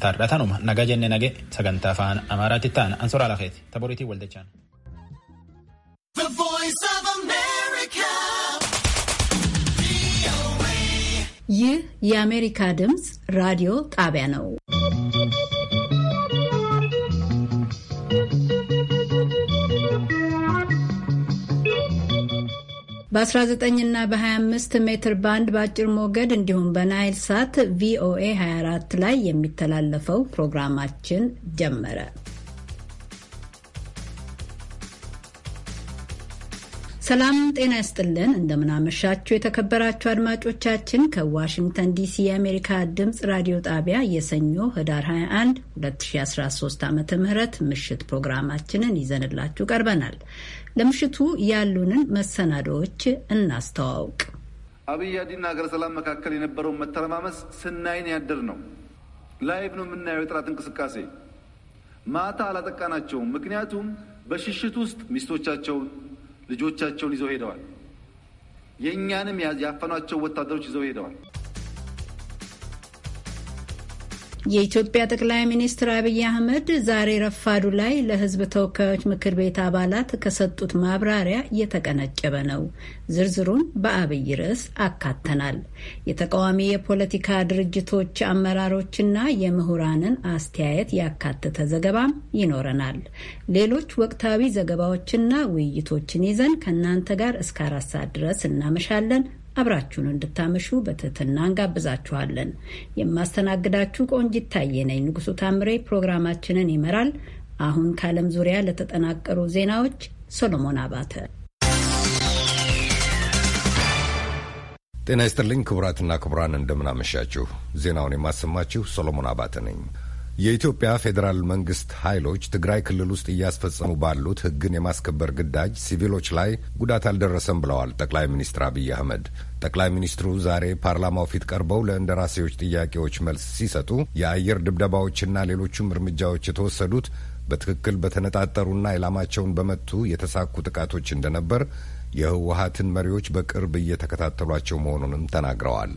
Tardhatanuma nagaa jenne nage sagantaa afaan Amaaraatti taana ansoraa lafeeti taboriitii waldachaan. ይህ የአሜሪካ ድምፅ ራዲዮ ጣቢያ ነው። በ19 እና በ25 ሜትር ባንድ በአጭር ሞገድ እንዲሁም በናይል ሳት ቪኦኤ 24 ላይ የሚተላለፈው ፕሮግራማችን ጀመረ። ሰላም ጤና ይስጥልን። እንደምናመሻችሁ የተከበራችሁ አድማጮቻችን ከዋሽንግተን ዲሲ የአሜሪካ ድምፅ ራዲዮ ጣቢያ የሰኞ ህዳር 21 2013 ዓ ም ምሽት ፕሮግራማችንን ይዘንላችሁ ቀርበናል። ለምሽቱ ያሉንን መሰናዶዎች እናስተዋውቅ። አብይ አዲና ሀገረ ሰላም መካከል የነበረውን መተረማመስ ስናይን ያደር ነው። ላይቭ ነው የምናየው የጥራት እንቅስቃሴ። ማታ አላጠቃናቸውም። ምክንያቱም በሽሽት ውስጥ ሚስቶቻቸውን ልጆቻቸውን ይዘው ሄደዋል። የእኛንም ያፈኗቸው ወታደሮች ይዘው ሄደዋል። የኢትዮጵያ ጠቅላይ ሚኒስትር አብይ አህመድ ዛሬ ረፋዱ ላይ ለሕዝብ ተወካዮች ምክር ቤት አባላት ከሰጡት ማብራሪያ እየተቀነጨበ ነው። ዝርዝሩን በአብይ ርዕስ አካተናል። የተቃዋሚ የፖለቲካ ድርጅቶች አመራሮችና የምሁራንን አስተያየት ያካተተ ዘገባም ይኖረናል። ሌሎች ወቅታዊ ዘገባዎችና ውይይቶችን ይዘን ከእናንተ ጋር እስከ አራት ሰዓት ድረስ እናመሻለን። አብራችሁን እንድታመሹ በትህትና እንጋብዛችኋለን። የማስተናግዳችሁ ቆንጂት ታየ ነኝ። ንጉሱ ታምሬ ፕሮግራማችንን ይመራል። አሁን ከዓለም ዙሪያ ለተጠናቀሩ ዜናዎች ሶሎሞን አባተ። ጤና ይስጥልኝ ክቡራትና ክቡራን፣ እንደምናመሻችሁ። ዜናውን የማሰማችሁ ሶሎሞን አባተ ነኝ። የኢትዮጵያ ፌዴራል መንግስት ኃይሎች ትግራይ ክልል ውስጥ እያስፈጸሙ ባሉት ህግን የማስከበር ግዳጅ ሲቪሎች ላይ ጉዳት አልደረሰም ብለዋል ጠቅላይ ሚኒስትር አብይ አህመድ። ጠቅላይ ሚኒስትሩ ዛሬ ፓርላማው ፊት ቀርበው ለእንደራሴዎች ጥያቄዎች መልስ ሲሰጡ የአየር ድብደባዎችና ሌሎቹም እርምጃዎች የተወሰዱት በትክክል በተነጣጠሩና ኢላማቸውን በመቱ የተሳኩ ጥቃቶች እንደነበር የህወሀትን መሪዎች በቅርብ እየተከታተሏቸው መሆኑንም ተናግረዋል።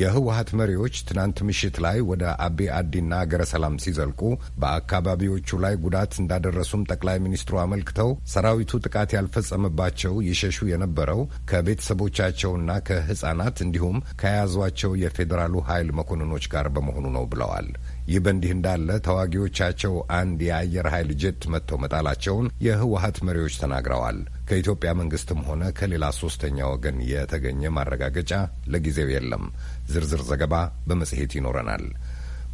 የህወሀት መሪዎች ትናንት ምሽት ላይ ወደ አቤ አዲና ሀገረ ሰላም ሲዘልቁ በአካባቢዎቹ ላይ ጉዳት እንዳደረሱም ጠቅላይ ሚኒስትሩ አመልክተው ሰራዊቱ ጥቃት ያልፈጸመባቸው ይሸሹ የነበረው ከቤተሰቦቻቸውና ከህጻናት እንዲሁም ከያዟቸው የፌዴራሉ ኃይል መኮንኖች ጋር በመሆኑ ነው ብለዋል። ይህ በእንዲህ እንዳለ ተዋጊዎቻቸው አንድ የአየር ኃይል ጀት መጥተው መጣላቸውን የህወሀት መሪዎች ተናግረዋል። ከኢትዮጵያ መንግስትም ሆነ ከሌላ ሶስተኛ ወገን የተገኘ ማረጋገጫ ለጊዜው የለም። ዝርዝር ዘገባ በመጽሔት ይኖረናል።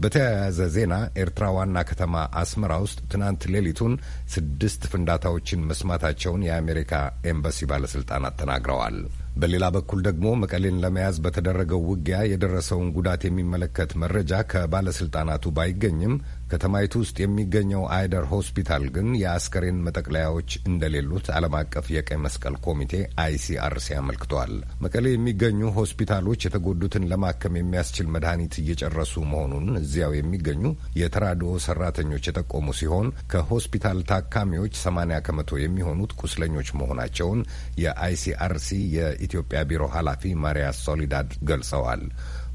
በተያያዘ ዜና ኤርትራ ዋና ከተማ አስመራ ውስጥ ትናንት ሌሊቱን ስድስት ፍንዳታዎችን መስማታቸውን የአሜሪካ ኤምባሲ ባለስልጣናት ተናግረዋል። በሌላ በኩል ደግሞ መቀሌን ለመያዝ በተደረገው ውጊያ የደረሰውን ጉዳት የሚመለከት መረጃ ከባለስልጣናቱ ባይገኝም ከተማይቱ ውስጥ የሚገኘው አይደር ሆስፒታል ግን የአስከሬን መጠቅለያዎች እንደሌሉት ዓለም አቀፍ የቀይ መስቀል ኮሚቴ አይሲአርሲ አመልክቷል። መቀሌ የሚገኙ ሆስፒታሎች የተጎዱትን ለማከም የሚያስችል መድኃኒት እየጨረሱ መሆኑን እዚያው የሚገኙ የተራድኦ ሰራተኞች የጠቆሙ ሲሆን ከሆስፒታል ታካሚዎች 8 ከመቶ የሚሆኑት ቁስለኞች መሆናቸውን የአይሲአርሲ የኢትዮጵያ ቢሮ ኃላፊ ማሪያ ሶሊዳድ ገልጸዋል።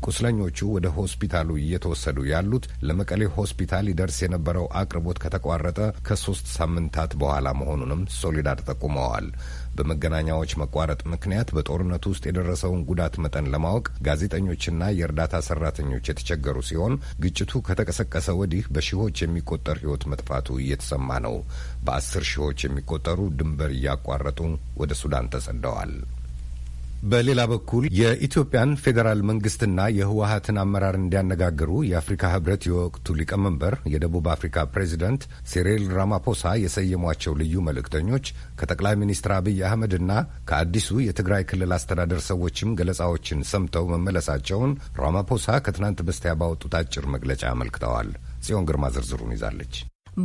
ቁስለኞቹ ወደ ሆስፒታሉ እየተወሰዱ ያሉት ለመቀሌ ሆስፒታል ይደርስ የነበረው አቅርቦት ከተቋረጠ ከሶስት ሳምንታት በኋላ መሆኑንም ሶሊዳር ጠቁመዋል። በመገናኛዎች መቋረጥ ምክንያት በጦርነቱ ውስጥ የደረሰውን ጉዳት መጠን ለማወቅ ጋዜጠኞችና የእርዳታ ሰራተኞች የተቸገሩ ሲሆን ግጭቱ ከተቀሰቀሰ ወዲህ በሺዎች የሚቆጠር ሕይወት መጥፋቱ እየተሰማ ነው። በአስር ሺዎች የሚቆጠሩ ድንበር እያቋረጡ ወደ ሱዳን ተሰደዋል። በሌላ በኩል የኢትዮጵያን ፌዴራል መንግስትና የህወሀትን አመራር እንዲያነጋግሩ የአፍሪካ ህብረት የወቅቱ ሊቀመንበር የደቡብ አፍሪካ ፕሬዚደንት ሲሪል ራማፖሳ የሰየሟቸው ልዩ መልእክተኞች ከጠቅላይ ሚኒስትር አብይ አህመድና ከአዲሱ የትግራይ ክልል አስተዳደር ሰዎችም ገለጻዎችን ሰምተው መመለሳቸውን ራማፖሳ ከትናንት በስቲያ ባወጡት አጭር መግለጫ አመልክተዋል። ጽዮን ግርማ ዝርዝሩን ይዛለች።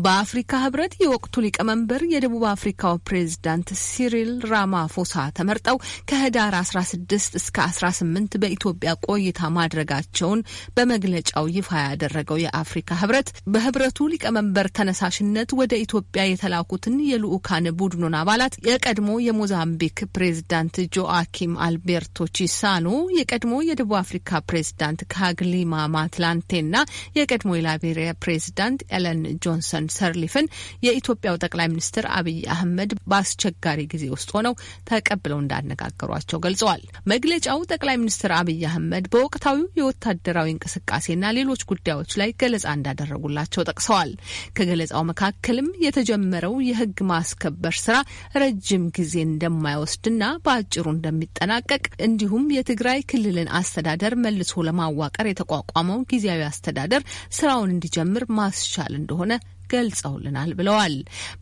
በአፍሪካ ህብረት የወቅቱ ሊቀመንበር የደቡብ አፍሪካው ፕሬዝዳንት ሲሪል ራማፎሳ ተመርጠው ከህዳር 16 እስከ 18 በኢትዮጵያ ቆይታ ማድረጋቸውን በመግለጫው ይፋ ያደረገው የአፍሪካ ህብረት በህብረቱ ሊቀመንበር ተነሳሽነት ወደ ኢትዮጵያ የተላኩትን የልኡካን ቡድኑን አባላት የቀድሞ የሞዛምቢክ ፕሬዝዳንት ጆአኪም አልቤርቶ ቺሳኖ፣ የቀድሞ የደቡብ አፍሪካ ፕሬዝዳንት ካግሊማ ማትላንቴና የቀድሞ የላይቤሪያ ፕሬዝዳንት ኤለን ጆንሰን ሱዳን ሰርሊፍን የኢትዮጵያው ጠቅላይ ሚኒስትር አብይ አህመድ በአስቸጋሪ ጊዜ ውስጥ ሆነው ተቀብለው እንዳነጋገሯቸው ገልጸዋል። መግለጫው ጠቅላይ ሚኒስትር አብይ አህመድ በወቅታዊው የወታደራዊ እንቅስቃሴና ሌሎች ጉዳዮች ላይ ገለጻ እንዳደረጉላቸው ጠቅሰዋል። ከገለጻው መካከልም የተጀመረው የህግ ማስከበር ስራ ረጅም ጊዜ እንደማይወስድና በአጭሩ እንደሚጠናቀቅ እንዲሁም የትግራይ ክልልን አስተዳደር መልሶ ለማዋቀር የተቋቋመው ጊዜያዊ አስተዳደር ስራውን እንዲጀምር ማስቻል እንደሆነ ገልጸውልናል ብለዋል።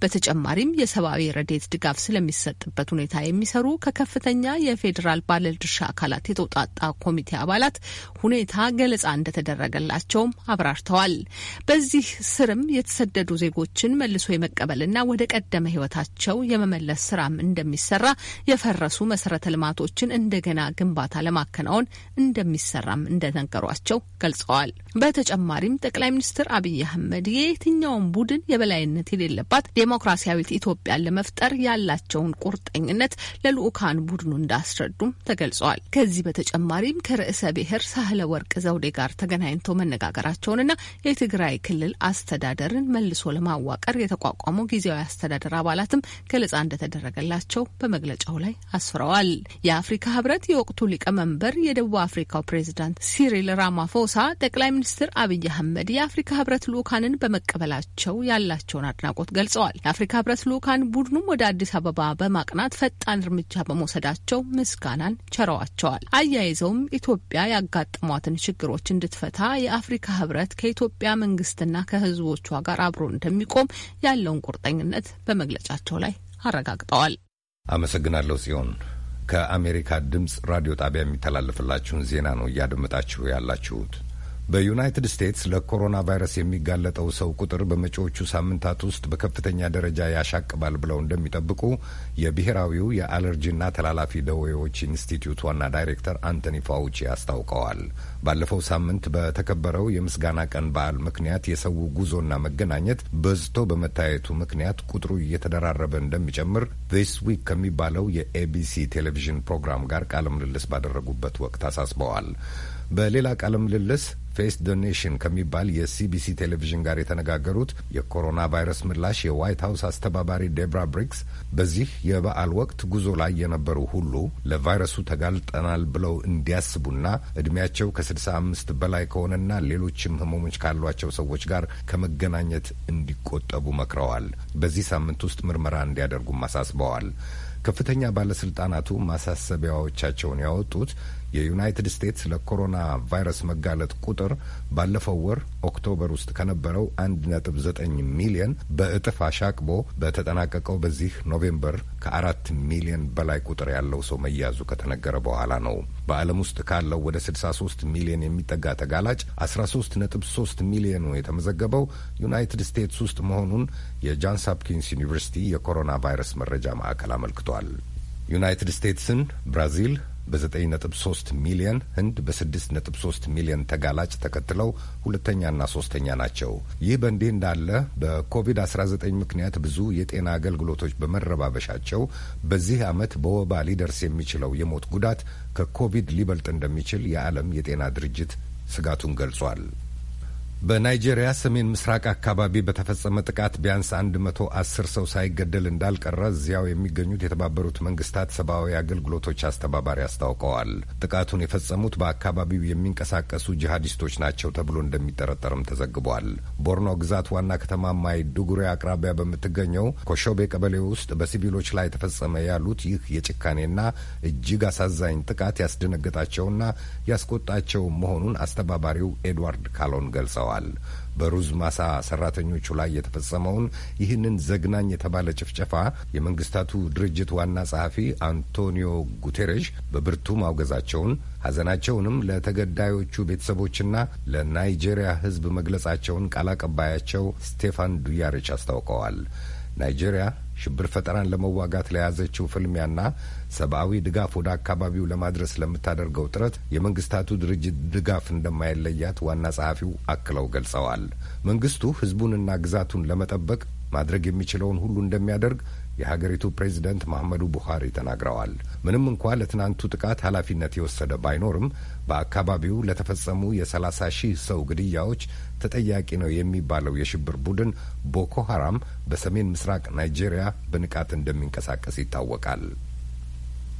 በተጨማሪም የሰብአዊ ረዴት ድጋፍ ስለሚሰጥበት ሁኔታ የሚሰሩ ከከፍተኛ የፌዴራል ባለድርሻ አካላት የተውጣጣ ኮሚቴ አባላት ሁኔታ ገለጻ እንደተደረገላቸውም አብራርተዋል። በዚህ ስርም የተሰደዱ ዜጎችን መልሶ የመቀበልና ወደ ቀደመ ህይወታቸው የመመለስ ስራም እንደሚሰራ፣ የፈረሱ መሰረተ ልማቶችን እንደገና ግንባታ ለማከናወን እንደሚሰራም እንደነገሯቸው ገልጸዋል። በተጨማሪም ጠቅላይ ሚኒስትር አብይ አህመድ የየትኛውም ቡድን የበላይነት የሌለባት ዴሞክራሲያዊት ኢትዮጵያን ለመፍጠር ያላቸውን ቁርጠኝነት ለልኡካን ቡድኑ እንዳስረዱም ተገልጸዋል። ከዚህ በተጨማሪም ከርዕሰ ብሔር ሳህለ ወርቅ ዘውዴ ጋር ተገናኝተው መነጋገራቸውንና የትግራይ ክልል አስተዳደርን መልሶ ለማዋቀር የተቋቋመው ጊዜያዊ አስተዳደር አባላትም ገለጻ እንደተደረገላቸው በመግለጫው ላይ አስፍረዋል። የአፍሪካ ህብረት የወቅቱ ሊቀመንበር የደቡብ አፍሪካው ፕሬዚዳንት ሲሪል ራማፎሳ ጠቅላይ ሚኒስትር አብይ አህመድ የአፍሪካ ህብረት ልኡካንን በመቀበላቸው በመሆናቸው ያላቸውን አድናቆት ገልጸዋል። የአፍሪካ ህብረት ልዑካን ቡድኑም ወደ አዲስ አበባ በማቅናት ፈጣን እርምጃ በመውሰዳቸው ምስጋናን ቸረዋቸዋል። አያይዘውም ኢትዮጵያ ያጋጠሟትን ችግሮች እንድትፈታ የአፍሪካ ህብረት ከኢትዮጵያ መንግስትና ከህዝቦቿ ጋር አብሮ እንደሚቆም ያለውን ቁርጠኝነት በመግለጫቸው ላይ አረጋግጠዋል። አመሰግናለሁ ሲሆን ከአሜሪካ ድምፅ ራዲዮ ጣቢያ የሚተላለፍላችሁን ዜና ነው እያደመጣችሁ ያላችሁት። በዩናይትድ ስቴትስ ለኮሮና ቫይረስ የሚጋለጠው ሰው ቁጥር በመጪዎቹ ሳምንታት ውስጥ በከፍተኛ ደረጃ ያሻቅባል ብለው እንደሚጠብቁ የብሔራዊው የአለርጂና ተላላፊ ደዌዎች ኢንስቲትዩት ዋና ዳይሬክተር አንቶኒ ፋውቺ አስታውቀዋል። ባለፈው ሳምንት በተከበረው የምስጋና ቀን በዓል ምክንያት የሰው ጉዞና መገናኘት በዝቶ በመታየቱ ምክንያት ቁጥሩ እየተደራረበ እንደሚጨምር ዚስ ዊክ ከሚባለው የኤቢሲ ቴሌቪዥን ፕሮግራም ጋር ቃለ ምልልስ ባደረጉበት ወቅት አሳስበዋል። በሌላ ቃለ ምልልስ ፌስ ደ ኔሽን ከሚባል የሲቢሲ ቴሌቪዥን ጋር የተነጋገሩት የኮሮና ቫይረስ ምላሽ የዋይት ሀውስ አስተባባሪ ዴብራ ብሪክስ በዚህ የበዓል ወቅት ጉዞ ላይ የነበሩ ሁሉ ለቫይረሱ ተጋልጠናል ብለው እንዲያስቡና እድሜያቸው ከ65 በላይ ከሆነና ሌሎችም ህመሞች ካሏቸው ሰዎች ጋር ከመገናኘት እንዲቆጠቡ መክረዋል። በዚህ ሳምንት ውስጥ ምርመራ እንዲያደርጉም አሳስበዋል። ከፍተኛ ባለስልጣናቱ ማሳሰቢያዎቻቸውን ያወጡት የዩናይትድ ስቴትስ ለኮሮና ቫይረስ መጋለጥ ቁጥር ባለፈው ወር ኦክቶበር ውስጥ ከነበረው 1.9 ሚሊዮን በእጥፍ አሻቅቦ በተጠናቀቀው በዚህ ኖቬምበር ከአራት ሚሊዮን በላይ ቁጥር ያለው ሰው መያዙ ከተነገረ በኋላ ነው። በዓለም ውስጥ ካለው ወደ 63 ሚሊዮን የሚጠጋ ተጋላጭ 133 ሚሊዮኑ የተመዘገበው ዩናይትድ ስቴትስ ውስጥ መሆኑን የጃንስ ሀፕኪንስ ዩኒቨርሲቲ የኮሮና ቫይረስ መረጃ ማዕከል አመልክቷል። ዩናይትድ ስቴትስን፣ ብራዚል፣ በ9.3 ሚሊየን፣ ህንድ በ6.3 ሚሊዮን ተጋላጭ ተከትለው ሁለተኛና ሶስተኛ ናቸው። ይህ በእንዲህ እንዳለ በኮቪድ-19 ምክንያት ብዙ የጤና አገልግሎቶች በመረባበሻቸው በዚህ ዓመት በወባ ሊደርስ የሚችለው የሞት ጉዳት ከኮቪድ ሊበልጥ እንደሚችል የዓለም የጤና ድርጅት ስጋቱን ገልጿል። በናይጄሪያ ሰሜን ምስራቅ አካባቢ በተፈጸመ ጥቃት ቢያንስ አንድ መቶ አስር ሰው ሳይገደል እንዳልቀረ እዚያው የሚገኙት የተባበሩት መንግስታት ሰብአዊ አገልግሎቶች አስተባባሪ አስታውቀዋል። ጥቃቱን የፈጸሙት በአካባቢው የሚንቀሳቀሱ ጂሃዲስቶች ናቸው ተብሎ እንደሚጠረጠርም ተዘግቧል። ቦርኖ ግዛት ዋና ከተማ ማይ ዱጉሪ አቅራቢያ በምትገኘው ኮሾቤ ቀበሌ ውስጥ በሲቪሎች ላይ ተፈጸመ ያሉት ይህ የጭካኔና እጅግ አሳዛኝ ጥቃት ያስደነገጣቸውና ያስቆጣቸው መሆኑን አስተባባሪው ኤድዋርድ ካሎን ገልጸዋል። ገልጸዋል። በሩዝ ማሳ ሰራተኞቹ ላይ የተፈጸመውን ይህንን ዘግናኝ የተባለ ጭፍጨፋ የመንግስታቱ ድርጅት ዋና ጸሐፊ አንቶኒዮ ጉቴሬሽ በብርቱ ማውገዛቸውን ሐዘናቸውንም ለተገዳዮቹ ቤተሰቦችና ለናይጄሪያ ሕዝብ መግለጻቸውን ቃል አቀባያቸው ስቴፋን ዱያርች አስታውቀዋል። ናይጄሪያ ሽብር ፈጠራን ለመዋጋት ለያዘችው ፍልሚያና ሰብአዊ ድጋፍ ወደ አካባቢው ለማድረስ ለምታደርገው ጥረት የመንግስታቱ ድርጅት ድጋፍ እንደማይለያት ዋና ጸሐፊው አክለው ገልጸዋል። መንግስቱ ህዝቡንና ግዛቱን ለመጠበቅ ማድረግ የሚችለውን ሁሉ እንደሚያደርግ የሀገሪቱ ፕሬዚደንት መሐመዱ ቡኻሪ ተናግረዋል። ምንም እንኳ ለትናንቱ ጥቃት ኃላፊነት የወሰደ ባይኖርም በአካባቢው ለተፈጸሙ የሰላሳ ሺህ ሰው ግድያዎች ተጠያቂ ነው የሚባለው የሽብር ቡድን ቦኮ ሀራም በሰሜን ምስራቅ ናይጄሪያ በንቃት እንደሚንቀሳቀስ ይታወቃል።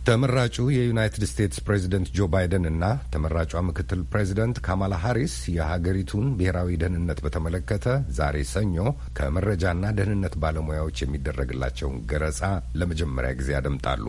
ተመራጩ የዩናይትድ ስቴትስ ፕሬዚደንት ጆ ባይደን እና ተመራጯ ምክትል ፕሬዚደንት ካማላ ሀሪስ የሀገሪቱን ብሔራዊ ደህንነት በተመለከተ ዛሬ ሰኞ ከመረጃና ደህንነት ባለሙያዎች የሚደረግላቸውን ገረጻ ለመጀመሪያ ጊዜ ያደምጣሉ።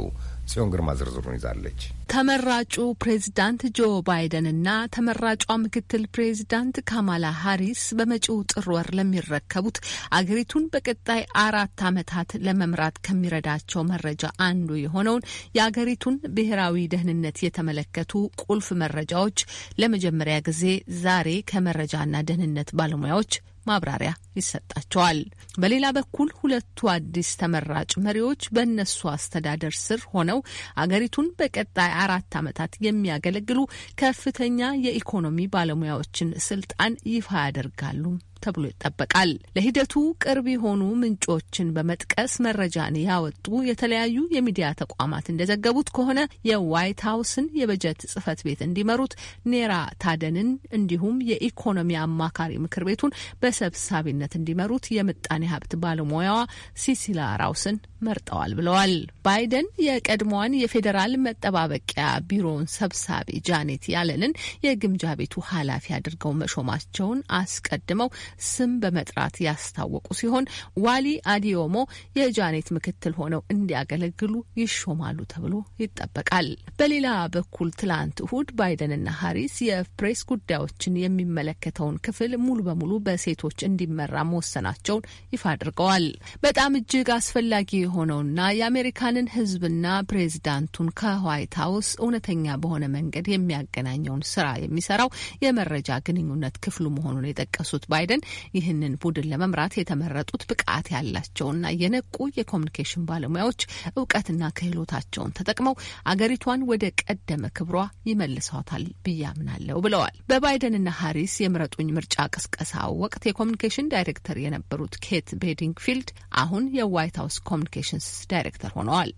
ጽዮን ግርማ ዝርዝሩን ይዛለች። ተመራጩ ፕሬዝዳንት ጆ ባይደንና ተመራጯ ምክትል ፕሬዝዳንት ካማላ ሀሪስ በመጪው ጥር ወር ለሚረከቡት አገሪቱን በቀጣይ አራት ዓመታት ለመምራት ከሚረዳቸው መረጃ አንዱ የሆነውን የአገሪቱን ብሔራዊ ደህንነት የተመለከቱ ቁልፍ መረጃዎች ለመጀመሪያ ጊዜ ዛሬ ከመረጃና ደህንነት ባለሙያዎች ማብራሪያ ይሰጣቸዋል። በሌላ በኩል ሁለቱ አዲስ ተመራጭ መሪዎች በእነሱ አስተዳደር ስር ሆነው አገሪቱን በቀጣይ አራት ዓመታት የሚያገለግሉ ከፍተኛ የኢኮኖሚ ባለሙያዎችን ስልጣን ይፋ ያደርጋሉ ተብሎ ይጠበቃል። ለሂደቱ ቅርብ የሆኑ ምንጮችን በመጥቀስ መረጃን ያወጡ የተለያዩ የሚዲያ ተቋማት እንደዘገቡት ከሆነ የዋይት ሀውስን የበጀት ጽህፈት ቤት እንዲመሩት ኔራ ታደንን እንዲሁም የኢኮኖሚ አማካሪ ምክር ቤቱን በሰብሳቢነት እንዲመሩት የምጣኔ ሀብት ባለሙያዋ ሲሲላ ራውስን መርጠዋል ብለዋል። ባይደን የቀድሞዋን የፌዴራል መጠባበቂያ ቢሮውን ሰብሳቢ ጃኔት ያለንን የግምጃ ቤቱ ኃላፊ አድርገው መሾማቸውን አስቀድመው ስም በመጥራት ያስታወቁ ሲሆን ዋሊ አዲዮሞ የጃኔት ምክትል ሆነው እንዲያገለግሉ ይሾማሉ ተብሎ ይጠበቃል። በሌላ በኩል ትላንት እሁድ ባይደንና ሀሪስ የፕሬስ ጉዳዮችን የሚመለከተውን ክፍል ሙሉ በሙሉ በሴቶች እንዲመራ መወሰናቸውን ይፋ አድርገዋል። በጣም እጅግ አስፈላጊ የሆነውና የአሜሪካንን ሕዝብና ፕሬዚዳንቱን ከዋይት ሀውስ እውነተኛ በሆነ መንገድ የሚያገናኘውን ስራ የሚሰራው የመረጃ ግንኙነት ክፍሉ መሆኑን የጠቀሱት ባይደን ግን ይህንን ቡድን ለመምራት የተመረጡት ብቃት ያላቸውና የነቁ የኮሚኒኬሽን ባለሙያዎች እውቀትና ክህሎታቸውን ተጠቅመው አገሪቷን ወደ ቀደመ ክብሯ ይመልሰዋታል ብዬ አምናለሁ ብለዋል። በባይደንና ሀሪስ የምረጡኝ ምርጫ ቅስቀሳ ወቅት የኮሚኒኬሽን ዳይሬክተር የነበሩት ኬት ቤዲንግፊልድ አሁን የዋይት ሀውስ ኮሚኒኬሽንስ ዳይሬክተር ሆነዋል።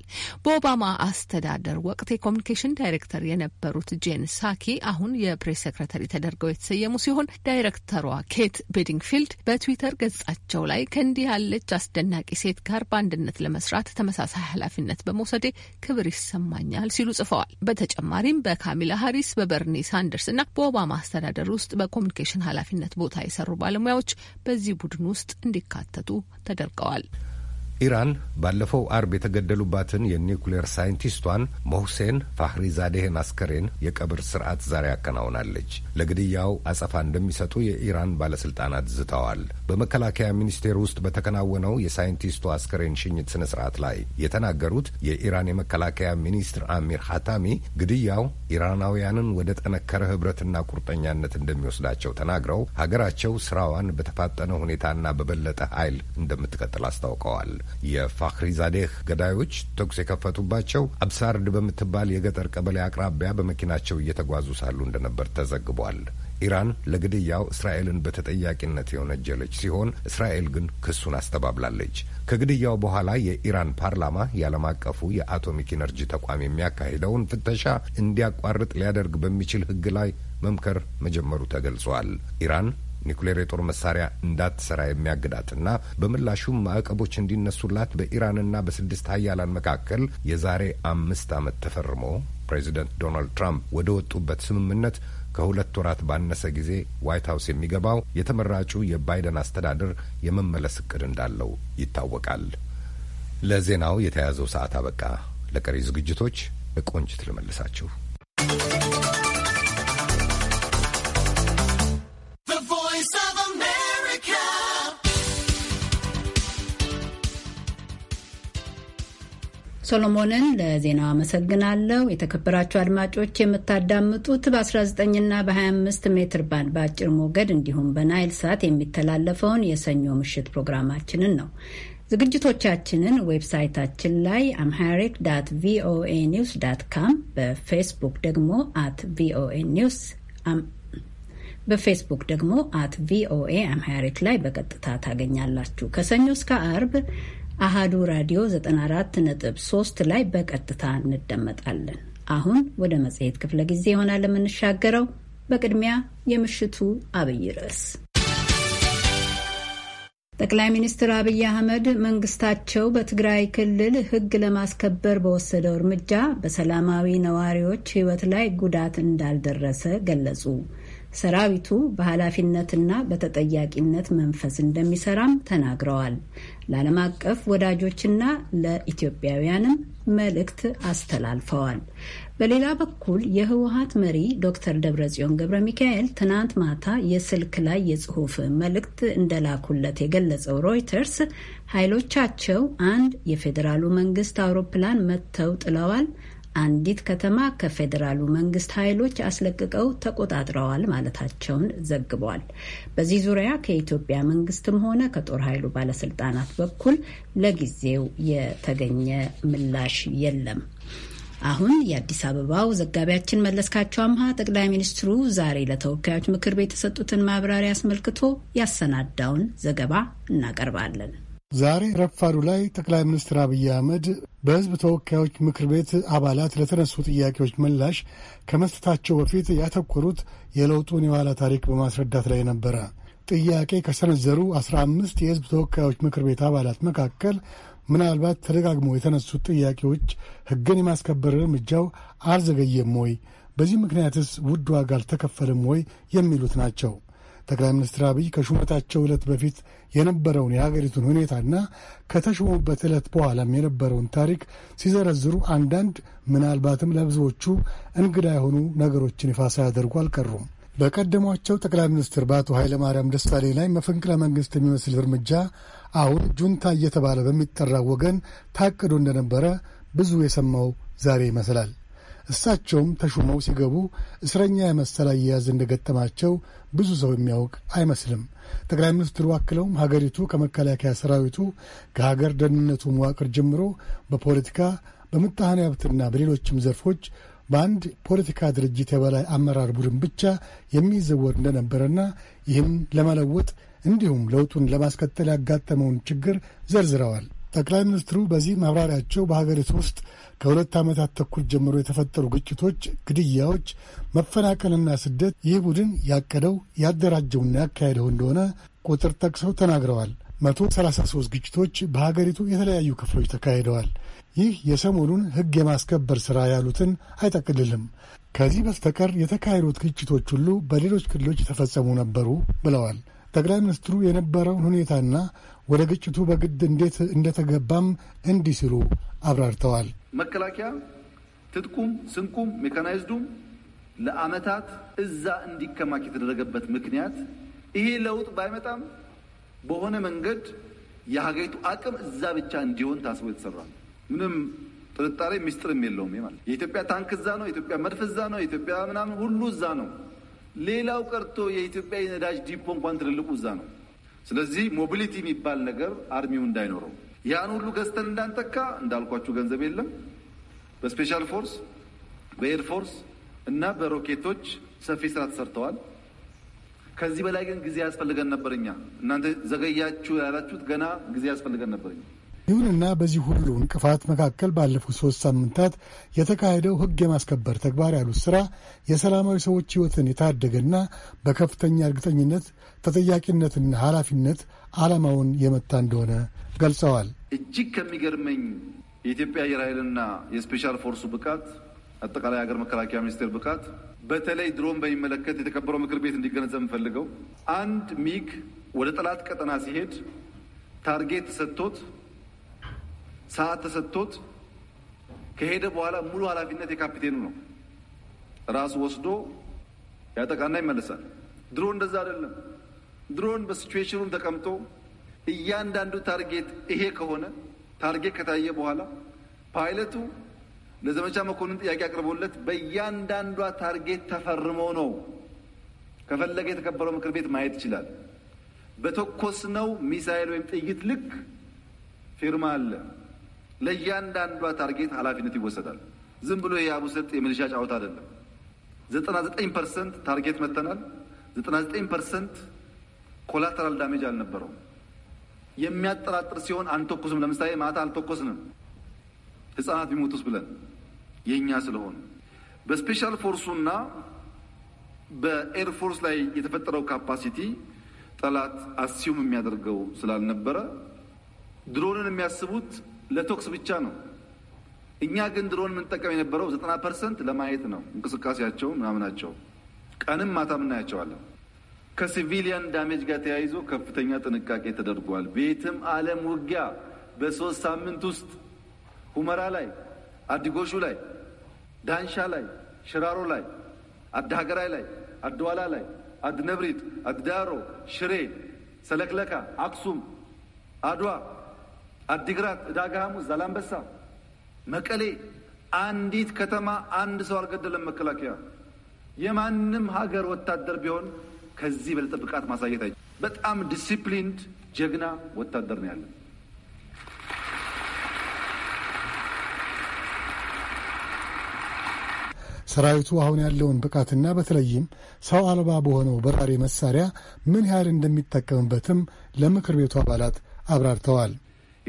በኦባማ አስተዳደር ወቅት የኮሚኒኬሽን ዳይሬክተር የነበሩት ጄን ሳኪ አሁን የፕሬስ ሴክሬታሪ ተደርገው የተሰየሙ ሲሆን ዳይሬክተሯ ኬት ቤዲንግ ሮቲንግፊልድ በትዊተር ገጻቸው ላይ ከእንዲህ ያለች አስደናቂ ሴት ጋር በአንድነት ለመስራት ተመሳሳይ ኃላፊነት በመውሰዴ ክብር ይሰማኛል ሲሉ ጽፈዋል። በተጨማሪም በካሚላ ሀሪስ፣ በበርኒ ሳንደርስ እና በኦባማ አስተዳደር ውስጥ በኮሚኒኬሽን ኃላፊነት ቦታ የሰሩ ባለሙያዎች በዚህ ቡድን ውስጥ እንዲካተቱ ተደርገዋል። ኢራን ባለፈው አርብ የተገደሉባትን የኒውክሌር ሳይንቲስቷን ሞሁሴን ፋህሪዛዴህን አስከሬን የቀብር ስርዓት ዛሬ አከናውናለች። ለግድያው አጸፋ እንደሚሰጡ የኢራን ባለስልጣናት ዝተዋል። በመከላከያ ሚኒስቴር ውስጥ በተከናወነው የሳይንቲስቱ አስከሬን ሽኝት ስነ ስርዓት ላይ የተናገሩት የኢራን የመከላከያ ሚኒስትር አሚር ሐታሚ ግድያው ኢራናውያንን ወደ ጠነከረ ህብረትና ቁርጠኛነት እንደሚወስዳቸው ተናግረው ሀገራቸው ስራዋን በተፋጠነ ሁኔታና በበለጠ ኃይል እንደምትቀጥል አስታውቀዋል። የፋክሪዛዴህ ገዳዮች ተኩስ የከፈቱባቸው አብሳርድ በምትባል የገጠር ቀበሌ አቅራቢያ በመኪናቸው እየተጓዙ ሳሉ እንደነበር ተዘግቧል። ኢራን ለግድያው እስራኤልን በተጠያቂነት የወነጀለች ሲሆን እስራኤል ግን ክሱን አስተባብላለች። ከግድያው በኋላ የኢራን ፓርላማ የዓለም አቀፉ የአቶሚክ ኢነርጂ ተቋም የሚያካሂደውን ፍተሻ እንዲያቋርጥ ሊያደርግ በሚችል ሕግ ላይ መምከር መጀመሩ ተገልጿል። ኢራን ኒውክሌር የጦር መሳሪያ እንዳትሰራ የሚያግዳትና በምላሹም ማዕቀቦች እንዲነሱላት በኢራንና በስድስት ሀያላን መካከል የዛሬ አምስት ዓመት ተፈርሞ ፕሬዚደንት ዶናልድ ትራምፕ ወደ ወጡበት ስምምነት ከሁለት ወራት ባነሰ ጊዜ ዋይት ሀውስ የሚገባው የተመራጩ የባይደን አስተዳደር የመመለስ እቅድ እንዳለው ይታወቃል። ለዜናው የተያዘው ሰዓት አበቃ። ለቀሪ ዝግጅቶች ቆንጅት ልመልሳችሁ። ሶሎሞንን ለዜናው አመሰግናለሁ። የተከበራችሁ አድማጮች የምታዳምጡት በ19ና በ25 ሜትር ባንድ በአጭር ሞገድ እንዲሁም በናይል ሳት የሚተላለፈውን የሰኞ ምሽት ፕሮግራማችንን ነው። ዝግጅቶቻችንን ዌብሳይታችን ላይ አምሃሪክ ዳት ቪኦኤ ኒውስ ዳት ካም በፌስቡክ ደግሞ አት ቪኦኤ ኒውስ በፌስቡክ ደግሞ አት ቪኦኤ አምሃሪክ ላይ በቀጥታ ታገኛላችሁ። ከሰኞ እስከ አርብ አሃዱ ራዲዮ 94.3 ላይ በቀጥታ እንደመጣለን። አሁን ወደ መጽሔት ክፍለ ጊዜ ይሆናል የምንሻገረው። በቅድሚያ የምሽቱ አብይ ርዕስ ጠቅላይ ሚኒስትር አብይ አህመድ መንግስታቸው በትግራይ ክልል ሕግ ለማስከበር በወሰደው እርምጃ በሰላማዊ ነዋሪዎች ሕይወት ላይ ጉዳት እንዳልደረሰ ገለጹ። ሰራዊቱ በኃላፊነትና በተጠያቂነት መንፈስ እንደሚሰራም ተናግረዋል። ለዓለም አቀፍ ወዳጆችና ለኢትዮጵያውያንም መልእክት አስተላልፈዋል። በሌላ በኩል የህወሀት መሪ ዶክተር ደብረጽዮን ገብረ ሚካኤል ትናንት ማታ የስልክ ላይ የጽሑፍ መልእክት እንደላኩለት የገለጸው ሮይተርስ ኃይሎቻቸው አንድ የፌዴራሉ መንግስት አውሮፕላን መጥተው ጥለዋል አንዲት ከተማ ከፌዴራሉ መንግስት ኃይሎች አስለቅቀው ተቆጣጥረዋል ማለታቸውን ዘግቧል። በዚህ ዙሪያ ከኢትዮጵያ መንግስትም ሆነ ከጦር ኃይሉ ባለስልጣናት በኩል ለጊዜው የተገኘ ምላሽ የለም። አሁን የአዲስ አበባው ዘጋቢያችን መለስካቸው አምሃ ጠቅላይ ሚኒስትሩ ዛሬ ለተወካዮች ምክር ቤት የሰጡትን ማብራሪያ አስመልክቶ ያሰናዳውን ዘገባ እናቀርባለን። ዛሬ ረፋዱ ላይ ጠቅላይ ሚኒስትር አብይ አህመድ በሕዝብ ተወካዮች ምክር ቤት አባላት ለተነሱ ጥያቄዎች ምላሽ ከመስጠታቸው በፊት ያተኮሩት የለውጡን የኋላ ታሪክ በማስረዳት ላይ ነበረ። ጥያቄ ከሰነዘሩ አስራ አምስት የሕዝብ ተወካዮች ምክር ቤት አባላት መካከል ምናልባት ተደጋግሞ የተነሱት ጥያቄዎች ሕግን የማስከበር እርምጃው አልዘገየም ወይ፣ በዚህ ምክንያትስ ውድ ዋጋ አልተከፈልም ወይ የሚሉት ናቸው። ጠቅላይ ሚኒስትር አብይ ከሹመታቸው ዕለት በፊት የነበረውን የሀገሪቱን ሁኔታና ከተሾሙበት ዕለት በኋላም የነበረውን ታሪክ ሲዘረዝሩ አንዳንድ ምናልባትም ለብዙዎቹ እንግዳ የሆኑ ነገሮችን ይፋ ሳያደርጉ አልቀሩም። በቀደሟቸው ጠቅላይ ሚኒስትር በአቶ ኃይለማርያም ደሳሌ ላይ መፈንቅለ መንግስት የሚመስል እርምጃ አሁን ጁንታ እየተባለ በሚጠራው ወገን ታቅዶ እንደነበረ ብዙ የሰማው ዛሬ ይመስላል። እሳቸውም ተሹመው ሲገቡ እስረኛ የመሰል አያያዝ እንደገጠማቸው ብዙ ሰው የሚያውቅ አይመስልም። ጠቅላይ ሚኒስትሩ አክለውም ሀገሪቱ ከመከላከያ ሰራዊቱ ከሀገር ደህንነቱ መዋቅር ጀምሮ በፖለቲካ በምጣኔ ሀብትና በሌሎችም ዘርፎች በአንድ ፖለቲካ ድርጅት የበላይ አመራር ቡድን ብቻ የሚዘወር እንደነበረና ይህም ለመለወጥ እንዲሁም ለውጡን ለማስቀጠል ያጋጠመውን ችግር ዘርዝረዋል። ጠቅላይ ሚኒስትሩ በዚህ ማብራሪያቸው በሀገሪቱ ውስጥ ከሁለት ዓመታት ተኩል ጀምሮ የተፈጠሩ ግጭቶች፣ ግድያዎች፣ መፈናቀልና ስደት ይህ ቡድን ያቀደው ያደራጀውና ያካሄደው እንደሆነ ቁጥር ጠቅሰው ተናግረዋል። መቶ ግጭቶች በሀገሪቱ የተለያዩ ክፍሎች ተካሂደዋል። ይህ የሰሞኑን ሕግ የማስከበር ሥራ ያሉትን አይጠቅልልም። ከዚህ በስተቀር የተካሄዱት ግጭቶች ሁሉ በሌሎች ክልሎች የተፈጸሙ ነበሩ ብለዋል። ጠቅላይ ሚኒስትሩ የነበረውን ሁኔታና ወደ ግጭቱ በግድ እንዴት እንደተገባም እንዲህ ሲሉ አብራርተዋል። መከላከያ ትጥቁም ስንቁም ሜካናይዝዱም ለአመታት እዛ እንዲከማክ የተደረገበት ምክንያት ይሄ ለውጥ ባይመጣም በሆነ መንገድ የሀገሪቱ አቅም እዛ ብቻ እንዲሆን ታስቦ የተሰራ ምንም ጥርጣሬ ሚስጥርም የለውም ማለት የኢትዮጵያ ታንክ እዛ ነው። የኢትዮጵያ መድፍ እዛ ነው። የኢትዮጵያ ምናምን ሁሉ እዛ ነው። ሌላው ቀርቶ የኢትዮጵያ የነዳጅ ዲፖ እንኳን ትልልቁ እዛ ነው። ስለዚህ ሞቢሊቲ የሚባል ነገር አርሚው እንዳይኖረው ያን ሁሉ ገዝተን እንዳንተካ እንዳልኳችሁ ገንዘብ የለም። በስፔሻል ፎርስ በኤር ፎርስ እና በሮኬቶች ሰፊ ስራ ተሰርተዋል። ከዚህ በላይ ግን ጊዜ ያስፈልገን ነበርኛ እናንተ ዘገያችሁ ያላችሁት ገና ጊዜ ያስፈልገን ነበርኛ። ይሁንና በዚህ ሁሉ እንቅፋት መካከል ባለፉት ሶስት ሳምንታት የተካሄደው ሕግ የማስከበር ተግባር ያሉት ስራ የሰላማዊ ሰዎች ሕይወትን የታደገና በከፍተኛ እርግጠኝነት ተጠያቂነትና ኃላፊነት ዓላማውን የመታ እንደሆነ ገልጸዋል። እጅግ ከሚገርመኝ የኢትዮጵያ አየር ኃይልና የስፔሻል ፎርሱ ብቃት፣ አጠቃላይ ሀገር መከላከያ ሚኒስቴር ብቃት፣ በተለይ ድሮን በሚመለከት የተከበረው ምክር ቤት እንዲገነዘብ የምፈልገው አንድ ሚግ ወደ ጠላት ቀጠና ሲሄድ ታርጌት ሰጥቶት ሰዓት ተሰጥቶት ከሄደ በኋላ ሙሉ ኃላፊነት የካፒቴኑ ነው። ራሱ ወስዶ ያጠቃና ይመለሳል። ድሮ እንደዛ አይደለም። ድሮን በሲቹዌሽኑም ተቀምጦ እያንዳንዱ ታርጌት ይሄ ከሆነ ታርጌት ከታየ በኋላ ፓይለቱ ለዘመቻ መኮንን ጥያቄ አቅርቦለት በእያንዳንዷ ታርጌት ተፈርሞ ነው። ከፈለገ የተከበረው ምክር ቤት ማየት ይችላል። በተኮስ ነው ሚሳይል ወይም ጥይት ልክ ፊርማ አለ። ለእያንዳንዷ ታርጌት ኃላፊነት ይወሰዳል። ዝም ብሎ የአቡሰጥ የሚሊሻ ጫወታ አይደለም። 99 ፐርሰንት ታርጌት መተናል። 99 ፐርሰንት ኮላተራል ዳሜጅ አልነበረውም። የሚያጠራጥር ሲሆን አንተኩስም። ለምሳሌ ማታ አልተኮስንም ህጻናት ቢሞቱስ ብለን የእኛ ስለሆኑ በስፔሻል ፎርሱና በኤርፎርስ ላይ የተፈጠረው ካፓሲቲ ጠላት አስዩም የሚያደርገው ስላልነበረ ድሮንን የሚያስቡት ለቶክስ ብቻ ነው። እኛ ግን ድሮን የምንጠቀም የነበረው ዘጠና ፐርሰንት ለማየት ነው እንቅስቃሴያቸው ምናምናቸው ቀንም ማታ ምናያቸዋለን። ከሲቪሊያን ዳሜጅ ጋር ተያይዞ ከፍተኛ ጥንቃቄ ተደርጓል። ቤትም አለም ውጊያ በሶስት ሳምንት ውስጥ ሁመራ ላይ፣ አዲጎሹ ላይ፣ ዳንሻ ላይ፣ ሽራሮ ላይ፣ አዳሀገራይ ላይ፣ አድዋላ ላይ፣ አድነብሪት፣ አድዳሮ፣ ሽሬ፣ ሰለክለካ፣ አክሱም፣ አድዋ አዲግራት፣ ዕዳጋ ሐሙስ፣ ዛላንበሳ፣ መቀሌ አንዲት ከተማ አንድ ሰው አልገደለም። መከላከያ የማንም ሀገር ወታደር ቢሆን ከዚህ በለጠ ብቃት ማሳየት አይ በጣም ዲሲፕሊንድ ጀግና ወታደር ነው ያለን። ሰራዊቱ አሁን ያለውን ብቃትና በተለይም ሰው አልባ በሆነው በራሪ መሳሪያ ምን ያህል እንደሚጠቀምበትም ለምክር ቤቱ አባላት አብራርተዋል።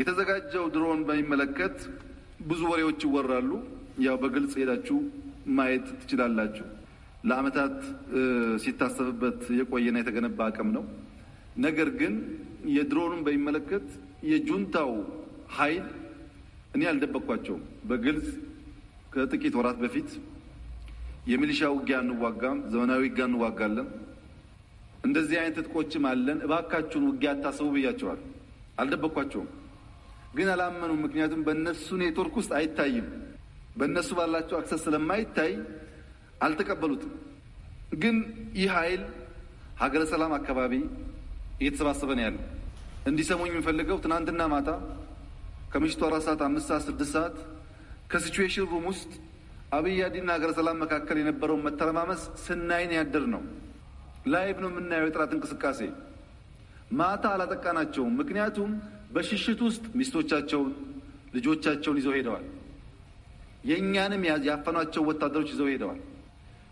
የተዘጋጀው ድሮን በሚመለከት ብዙ ወሬዎች ይወራሉ። ያው በግልጽ ሄዳችሁ ማየት ትችላላችሁ። ለአመታት ሲታሰብበት የቆየና የተገነባ አቅም ነው። ነገር ግን የድሮኑን በሚመለከት የጁንታው ኃይል እኔ አልደበቅኳቸውም። በግልጽ ከጥቂት ወራት በፊት የሚሊሻ ውጊያ አንዋጋም፣ ዘመናዊ ውጊያ እንዋጋለን፣ እንደዚህ አይነት ትጥቆችም አለን፣ እባካችሁን ውጊያ አታስቡ ብያቸዋል። አልደበቅኳቸውም። ግን አላመኑ ምክንያቱም በእነሱ ኔትወርክ ውስጥ አይታይም፣ በእነሱ ባላቸው አክሰስ ስለማይታይ አልተቀበሉትም። ግን ይህ ኃይል ሀገረ ሰላም አካባቢ እየተሰባሰበ ነው ያለው። እንዲሰሙኝ የምፈልገው ትናንትና ማታ ከምሽቱ አራት ሰዓት አምስት ሰዓት ስድስት ሰዓት ከሲቹዌሽን ሩም ውስጥ አብይ አዲና ሀገረ ሰላም መካከል የነበረውን መተረማመስ ስናይን ያደር ነው። ላይቭ ነው የምናየው የጥራት እንቅስቃሴ። ማታ አላጠቃናቸውም፣ ምክንያቱም በሽሽት ውስጥ ሚስቶቻቸውን፣ ልጆቻቸውን ይዘው ሄደዋል። የእኛንም ያፈኗቸው ወታደሮች ይዘው ሄደዋል።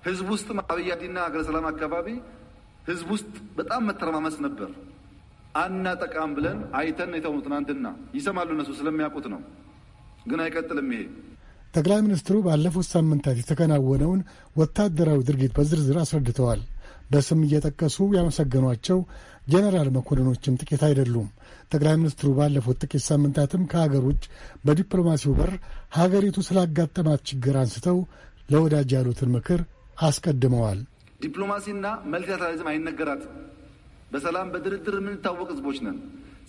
ህዝብ ውስጥ አብያዲና አገረ ሰላም አካባቢ ህዝብ ውስጥ በጣም መተረማመስ ነበር። አናጠቃም ብለን አይተን የተውኑ ትናንትና ይሰማሉ። እነሱ ስለሚያውቁት ነው። ግን አይቀጥልም ይሄ ጠቅላይ ሚኒስትሩ ባለፉት ሳምንታት የተከናወነውን ወታደራዊ ድርጊት በዝርዝር አስረድተዋል። በስም እየጠቀሱ ያመሰገኗቸው ጄኔራል መኮንኖችም ጥቂት አይደሉም። ጠቅላይ ሚኒስትሩ ባለፉት ጥቂት ሳምንታትም ከሀገር ውጭ በዲፕሎማሲው በር ሀገሪቱ ስላጋጠማት ችግር አንስተው ለወዳጅ ያሉትን ምክር አስቀድመዋል። ዲፕሎማሲና መልቲላተራሊዝም አይነገራትም። በሰላም በድርድር የምንታወቅ ህዝቦች ነን።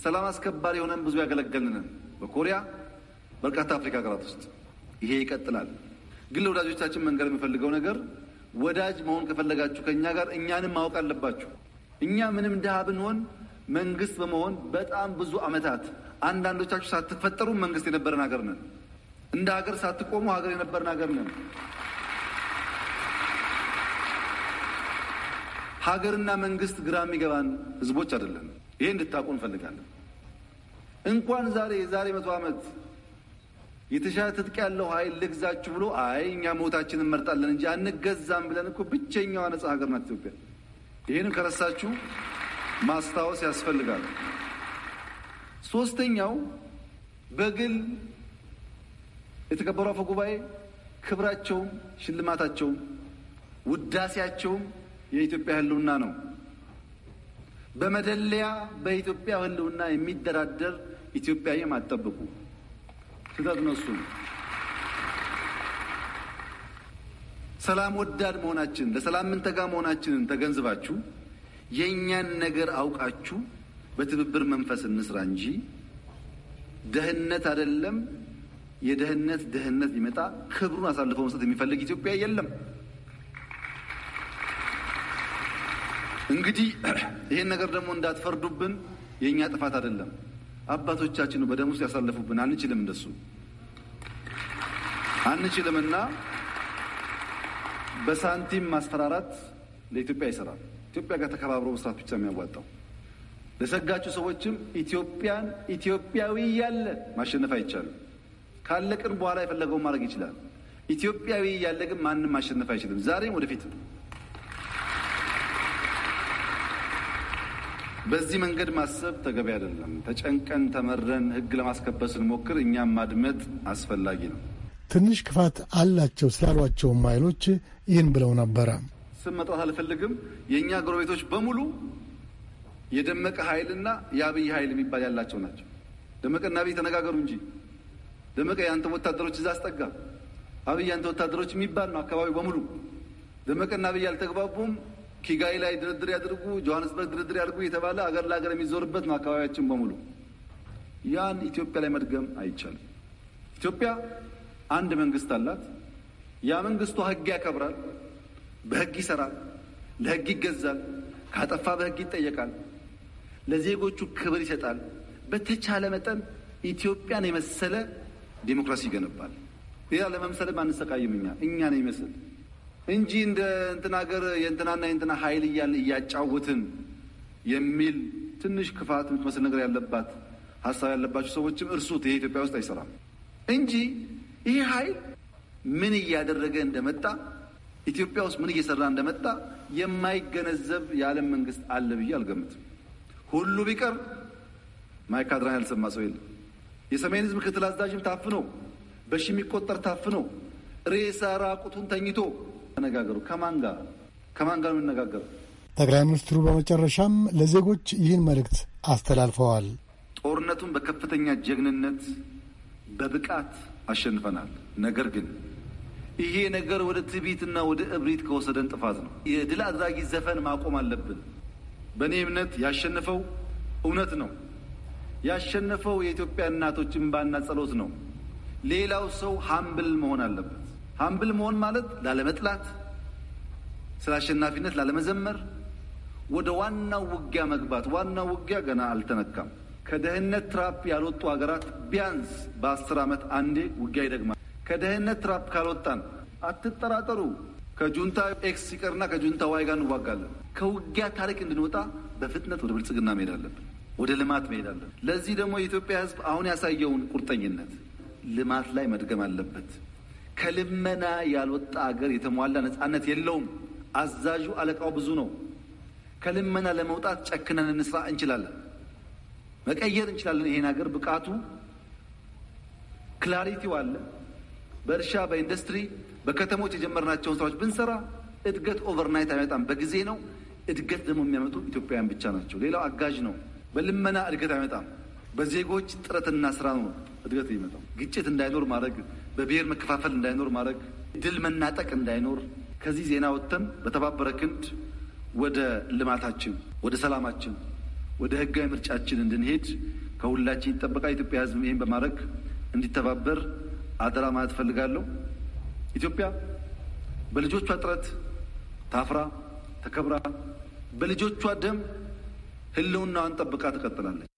ሰላም አስከባሪ የሆነን ብዙ ያገለገልንን በኮሪያ በርካታ አፍሪካ ሀገራት ውስጥ ይሄ ይቀጥላል። ግን ለወዳጆቻችን መንገር የምፈልገው ነገር ወዳጅ መሆን ከፈለጋችሁ ከእኛ ጋር እኛንም ማወቅ አለባችሁ። እኛ ምንም ድሃ ብንሆን መንግስት በመሆን በጣም ብዙ ዓመታት አንዳንዶቻችሁ ሳትፈጠሩ መንግስት የነበረን ሀገር ነን። እንደ ሀገር ሳትቆሙ ሀገር የነበረን ሀገር ነን። ሀገርና መንግስት ግራ የሚገባን ህዝቦች አይደለም። ይሄ እንድታውቁ እንፈልጋለን። እንኳን ዛሬ የዛሬ መቶ ዓመት የተሻለ ትጥቅ ያለው ኃይል ልግዛችሁ ብሎ አይ እኛ ሞታችን እንመርጣለን እንጂ አንገዛም ብለን እኮ ብቸኛዋ ነጻ ሀገር ናት ኢትዮጵያ። ይህን ከረሳችሁ ማስታወስ ያስፈልጋል። ሶስተኛው በግል የተከበሩ አፈ ጉባኤ ክብራቸውም ሽልማታቸውም ውዳሴያቸውም የኢትዮጵያ ሕልውና ነው። በመደለያ በኢትዮጵያ ሕልውና የሚደራደር ኢትዮጵያዊም አጠብቁ። ስህተት ነሱ ነው። ሰላም ወዳድ መሆናችንን ለሰላም ምንተጋ መሆናችንን ተገንዝባችሁ የእኛን ነገር አውቃችሁ በትብብር መንፈስ እንስራ እንጂ ደህንነት አይደለም። የደህንነት ደህንነት ቢመጣ ክብሩን አሳልፎ መስጠት የሚፈልግ ኢትዮጵያ የለም። እንግዲህ ይህን ነገር ደግሞ እንዳትፈርዱብን የእኛ ጥፋት አይደለም። አባቶቻችን በደም ውስጥ ያሳለፉብን። አንችልም፣ እንደሱ አንችልምና በሳንቲም ማስፈራራት ለኢትዮጵያ ይሰራል። ኢትዮጵያ ጋር ተከባብሮ መስራት ብቻ የሚያዋጣው ለሰጋችሁ ሰዎችም ኢትዮጵያን ኢትዮጵያዊ እያለ ማሸነፍ አይቻልም። ካለቅን በኋላ የፈለገውን ማድረግ ይችላል። ኢትዮጵያዊ እያለ ግን ማንም ማሸነፍ አይችልም። ዛሬም ወደፊት በዚህ መንገድ ማሰብ ተገቢ አይደለም። ተጨንቀን ተመረን ህግ ለማስከበር ስንሞክር እኛም ማድመጥ አስፈላጊ ነው። ትንሽ ክፋት አላቸው ስላሏቸውም ኃይሎች ይህን ብለው ነበረ። ስም መጥራት አልፈልግም። የእኛ ጎረቤቶች በሙሉ የደመቀ ኃይልና የአብይ ኃይል የሚባል ያላቸው ናቸው። ደመቀና አብይ ተነጋገሩ እንጂ ደመቀ የአንተ ወታደሮች እዛ አስጠጋ፣ አብይ የአንተ ወታደሮች የሚባል ነው አካባቢው በሙሉ። ደመቀና አብይ አልተግባቡም። ኪጋይ ላይ ድርድር ያድርጉ፣ ጆሀንስበርግ ድርድር ያድርጉ የተባለ አገር ለአገር የሚዞርበት ነው አካባቢያችን በሙሉ። ያን ኢትዮጵያ ላይ መድገም አይቻልም። ኢትዮጵያ አንድ መንግስት አላት። ያ መንግስቱ ህግ ያከብራል፣ በህግ ይሰራል፣ ለህግ ይገዛል፣ ካጠፋ በህግ ይጠየቃል፣ ለዜጎቹ ክብር ይሰጣል። በተቻለ መጠን ኢትዮጵያን የመሰለ ዴሞክራሲ ይገነባል። ሌላ ለመምሰል አንሰቃይም። እኛ እኛን ይመስል እንጂ እንደ እንትን ሀገር የእንትናና የእንትና ኃይል እያልን እያጫወትን የሚል ትንሽ ክፋት የምትመስል ነገር ያለባት ሀሳብ ያለባቸው ሰዎችም እርሱት። ይሄ ኢትዮጵያ ውስጥ አይሰራም እንጂ ይሄ ኃይል ምን እያደረገ እንደመጣ ኢትዮጵያ ውስጥ ምን እየሰራ እንደመጣ የማይገነዘብ የዓለም መንግስት አለ ብዬ አልገምትም። ሁሉ ቢቀር ማይካድራን ያልሰማ ሰው የለም። የሰሜን ህዝብ ምክትል አዛዥም ታፍኖ በሺ የሚቆጠር ታፍኖ ሬሳ ራቁቱን ተኝቶ ተነጋገሩ። ከማን ጋር ከማን ጋር የምነጋገሩ? ጠቅላይ ሚኒስትሩ በመጨረሻም ለዜጎች ይህን መልእክት አስተላልፈዋል። ጦርነቱን በከፍተኛ ጀግንነት በብቃት አሸንፈናል። ነገር ግን ይሄ ነገር ወደ ትዕቢትና ወደ እብሪት ከወሰደን ጥፋት ነው። የድል አድራጊ ዘፈን ማቆም አለብን። በእኔ እምነት ያሸነፈው እውነት ነው። ያሸነፈው የኢትዮጵያ እናቶች እምባና ጸሎት ነው። ሌላው ሰው ሀምብል መሆን አለበት። ሀምብል መሆን ማለት ላለመጥላት፣ ስለ አሸናፊነት ላለመዘመር፣ ወደ ዋናው ውጊያ መግባት። ዋናው ውጊያ ገና አልተነካም። ከደህንነት ትራፕ ያልወጡ ሀገራት ቢያንስ በአስር ዓመት አንዴ ውጊያ ይደግማል። ከደህንነት ትራፕ ካልወጣን አትጠራጠሩ፣ ከጁንታ ኤክስ ይቅርና ከጁንታ ዋይ ጋር እንዋጋለን። ከውጊያ ታሪክ እንድንወጣ በፍጥነት ወደ ብልጽግና መሄድ አለብን፣ ወደ ልማት መሄድ አለብን። ለዚህ ደግሞ የኢትዮጵያ ሕዝብ አሁን ያሳየውን ቁርጠኝነት ልማት ላይ መድገም አለበት። ከልመና ያልወጣ አገር የተሟላ ነጻነት የለውም። አዛዡ አለቃው ብዙ ነው። ከልመና ለመውጣት ጨክነን እንስራ። እንችላለን፣ መቀየር እንችላለን። ይሄን ሀገር ብቃቱ ክላሪቲው አለ። በእርሻ በኢንዱስትሪ፣ በከተሞች የጀመርናቸውን ስራዎች ብንሰራ እድገት ኦቨርናይት አይመጣም፣ በጊዜ ነው። እድገት ደግሞ የሚያመጡ ኢትዮጵያውያን ብቻ ናቸው። ሌላው አጋዥ ነው። በልመና እድገት አይመጣም። በዜጎች ጥረትና ስራ ነው እድገት የሚመጣው። ግጭት እንዳይኖር ማድረግ በብሔር መከፋፈል እንዳይኖር ማድረግ፣ ድል መናጠቅ እንዳይኖር ከዚህ ዜና ወጥተን በተባበረ ክንድ ወደ ልማታችን፣ ወደ ሰላማችን፣ ወደ ህጋዊ ምርጫችን እንድንሄድ ከሁላችን ይጠበቃል። ኢትዮጵያ ህዝብ ይህን በማድረግ እንዲተባበር አደራ ማለት እፈልጋለሁ። ኢትዮጵያ በልጆቿ ጥረት ታፍራ ተከብራ በልጆቿ ደም ህልውናዋን ጠብቃ ትቀጥላለች።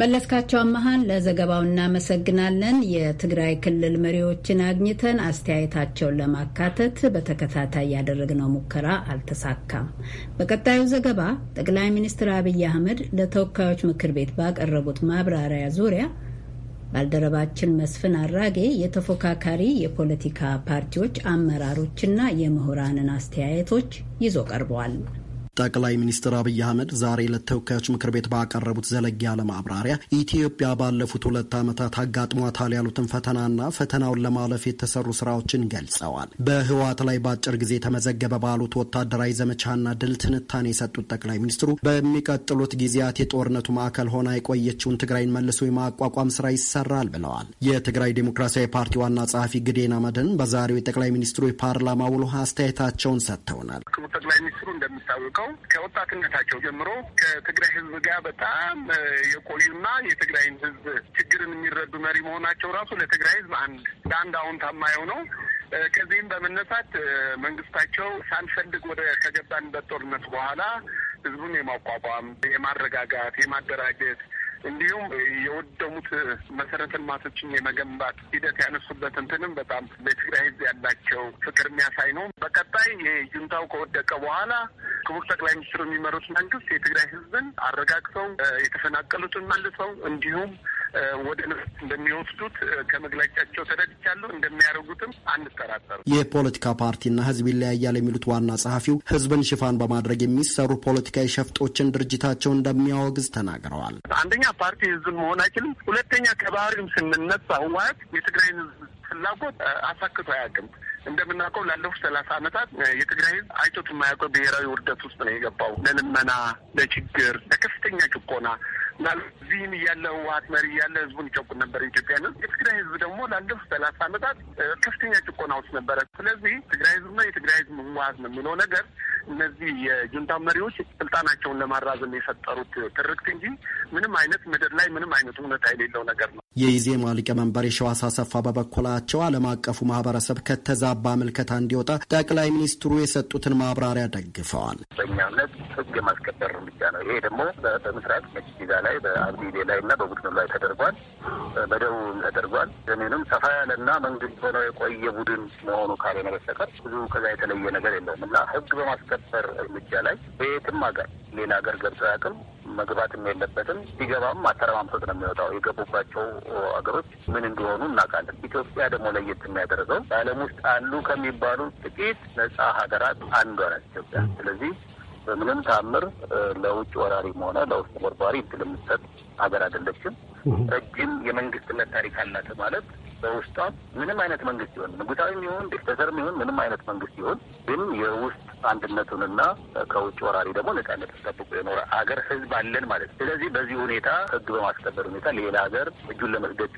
መለስካቸው አመሃን ለዘገባው እናመሰግናለን። የትግራይ ክልል መሪዎችን አግኝተን አስተያየታቸውን ለማካተት በተከታታይ ያደረግነው ሙከራ አልተሳካም። በቀጣዩ ዘገባ ጠቅላይ ሚኒስትር አብይ አህመድ ለተወካዮች ምክር ቤት ባቀረቡት ማብራሪያ ዙሪያ ባልደረባችን መስፍን አራጌ የተፎካካሪ የፖለቲካ ፓርቲዎች አመራሮችና የምሁራንን አስተያየቶች ይዞ ቀርበዋል። ጠቅላይ ሚኒስትር አብይ አህመድ ዛሬ ለተወካዮች ምክር ቤት ባቀረቡት ዘለግ ያለ ማብራሪያ ኢትዮጵያ ባለፉት ሁለት ዓመታት አጋጥሟታል ያሉትን ፈተናና ፈተናውን ለማለፍ የተሰሩ ስራዎችን ገልጸዋል። በህወሓት ላይ በአጭር ጊዜ የተመዘገበ ባሉት ወታደራዊ ዘመቻና ድል ትንታኔ የሰጡት ጠቅላይ ሚኒስትሩ በሚቀጥሉት ጊዜያት የጦርነቱ ማዕከል ሆና የቆየችውን ትግራይን መልሶ የማቋቋም ስራ ይሰራል ብለዋል። የትግራይ ዴሞክራሲያዊ ፓርቲ ዋና ጸሐፊ ግዴና አመድን በዛሬው የጠቅላይ ሚኒስትሩ የፓርላማ ውሎ አስተያየታቸውን ሰጥተውናል። ጠቅላይ ሚኒስትሩ እንደሚታወቀው ነው። ከወጣትነታቸው ጀምሮ ከትግራይ ህዝብ ጋር በጣም የቆዩና የትግራይን ህዝብ ችግርን የሚረዱ መሪ መሆናቸው ራሱ ለትግራይ ህዝብ አንድ ለአንድ አሁን ታማየው ነው። ከዚህም በመነሳት መንግስታቸው ሳንፈልግ ወደ ከገባንበት ጦርነት በኋላ ህዝቡን የማቋቋም የማረጋጋት፣ የማደራጀት እንዲሁም የወደሙት መሰረተ ልማቶችን የመገንባት ሂደት ያነሱበት እንትንም በጣም በትግራይ ህዝብ ያላቸው ፍቅር የሚያሳይ ነው። በቀጣይ ጁንታው ከወደቀ በኋላ ክቡር ጠቅላይ ሚኒስትሩ የሚመሩት መንግስት የትግራይ ህዝብን አረጋግተው የተፈናቀሉትን መልሰው እንዲሁም ወደ ንፍት እንደሚወስዱት ከመግለጫቸው ተረድቻለሁ። እንደሚያደርጉትም አንጠራጠርም። የፖለቲካ ፓርቲና ህዝብ ይለያያል የሚሉት ዋና ጸሐፊው ህዝብን ሽፋን በማድረግ የሚሰሩ ፖለቲካዊ ሸፍጦችን ድርጅታቸው እንደሚያወግዝ ተናግረዋል። አንደኛ ፓርቲ ህዝብን መሆን አይችልም። ሁለተኛ ከባህሪም ስንነሳ ህወሀት የትግራይን ህዝብ ፍላጎት አሳክቶ አያውቅም። እንደምናውቀው ላለፉት ሰላሳ ዓመታት የትግራይ ህዝብ አይቶት የማያውቀው ብሔራዊ ውርደት ውስጥ ነው የገባው። ለልመና፣ ለችግር፣ ለከፍተኛ ጭቆና ምናልባት እዚህም እያለ ህወሀት መሪ እያለ ህዝቡን ይጨቁን ነበር። ኢትዮጵያንን የትግራይ ህዝብ ደግሞ ላለፉት ሰላሳ ዓመታት ከፍተኛ ጭቆና ውስጥ ነበረ። ስለዚህ ትግራይ ህዝብና የትግራይ ህዝብ ህወሀት ነው የሚለው ነገር እነዚህ የጁንታ መሪዎች ስልጣናቸውን ለማራዘም የፈጠሩት ትርክት እንጂ ምንም አይነት ምድር ላይ ምንም አይነት እውነታ የሌለው ነገር ነው። የኢዜማ ሊቀመንበር የሸዋስ አሰፋ በበኩላቸው ዓለም አቀፉ ማህበረሰብ ከተዛባ ምልከታ እንዲወጣ ጠቅላይ ሚኒስትሩ የሰጡትን ማብራሪያ ደግፈዋል። በእኛ እምነት ህግ ማስከበር እርምጃ ነው። ይሄ ደግሞ በምስራቅ መክሲዛ ላይ በአብዲቤ ላይ እና በቡድኑ ላይ ተደርጓል። በደቡብም ተደርጓል። ሰሜንም ሰፋ ያለና መንግስት ሆነ የቆየ ቡድን መሆኑ ካልሆነ በስተቀር ብዙ ከዛ የተለየ ነገር የለውም እና ህግ በማስከበር እርምጃ ላይ በየትም ሀገር ሌላ ሀገር ገብቶ ያቅም መግባትም የለበትም። ሲገባም አተረማምሶት ነው የሚወጣው የገቡባቸው ሀገሮች ምን እንደሆኑ እናውቃለን። ኢትዮጵያ ደግሞ ለየት የሚያደርገው በዓለም ውስጥ አሉ ከሚባሉ ጥቂት ነጻ ሀገራት አንዷ ናት ኢትዮጵያ። ስለዚህ በምንም ታምር ለውጭ ወራሪም ሆነ ለውስጥ ወርባሪ እድል የምትሰጥ ሀገር አይደለችም። ረጅም የመንግስትነት ታሪክ አላት ማለት በውስጧ ምንም አይነት መንግስት ይሆን ንጉሳዊም ይሁን ዲክተተርም ይሁን ምንም አይነት መንግስት ይሁን ግን የውስጥ አንድነቱንና ከውጭ ወራሪ ደግሞ ነጻነት ተጠብቆ የኖረ ሀገር ህዝብ አለን ማለት ነው። ስለዚህ በዚህ ሁኔታ ህግ በማስከበር ሁኔታ ሌላ ሀገር እጁን ለመስደድ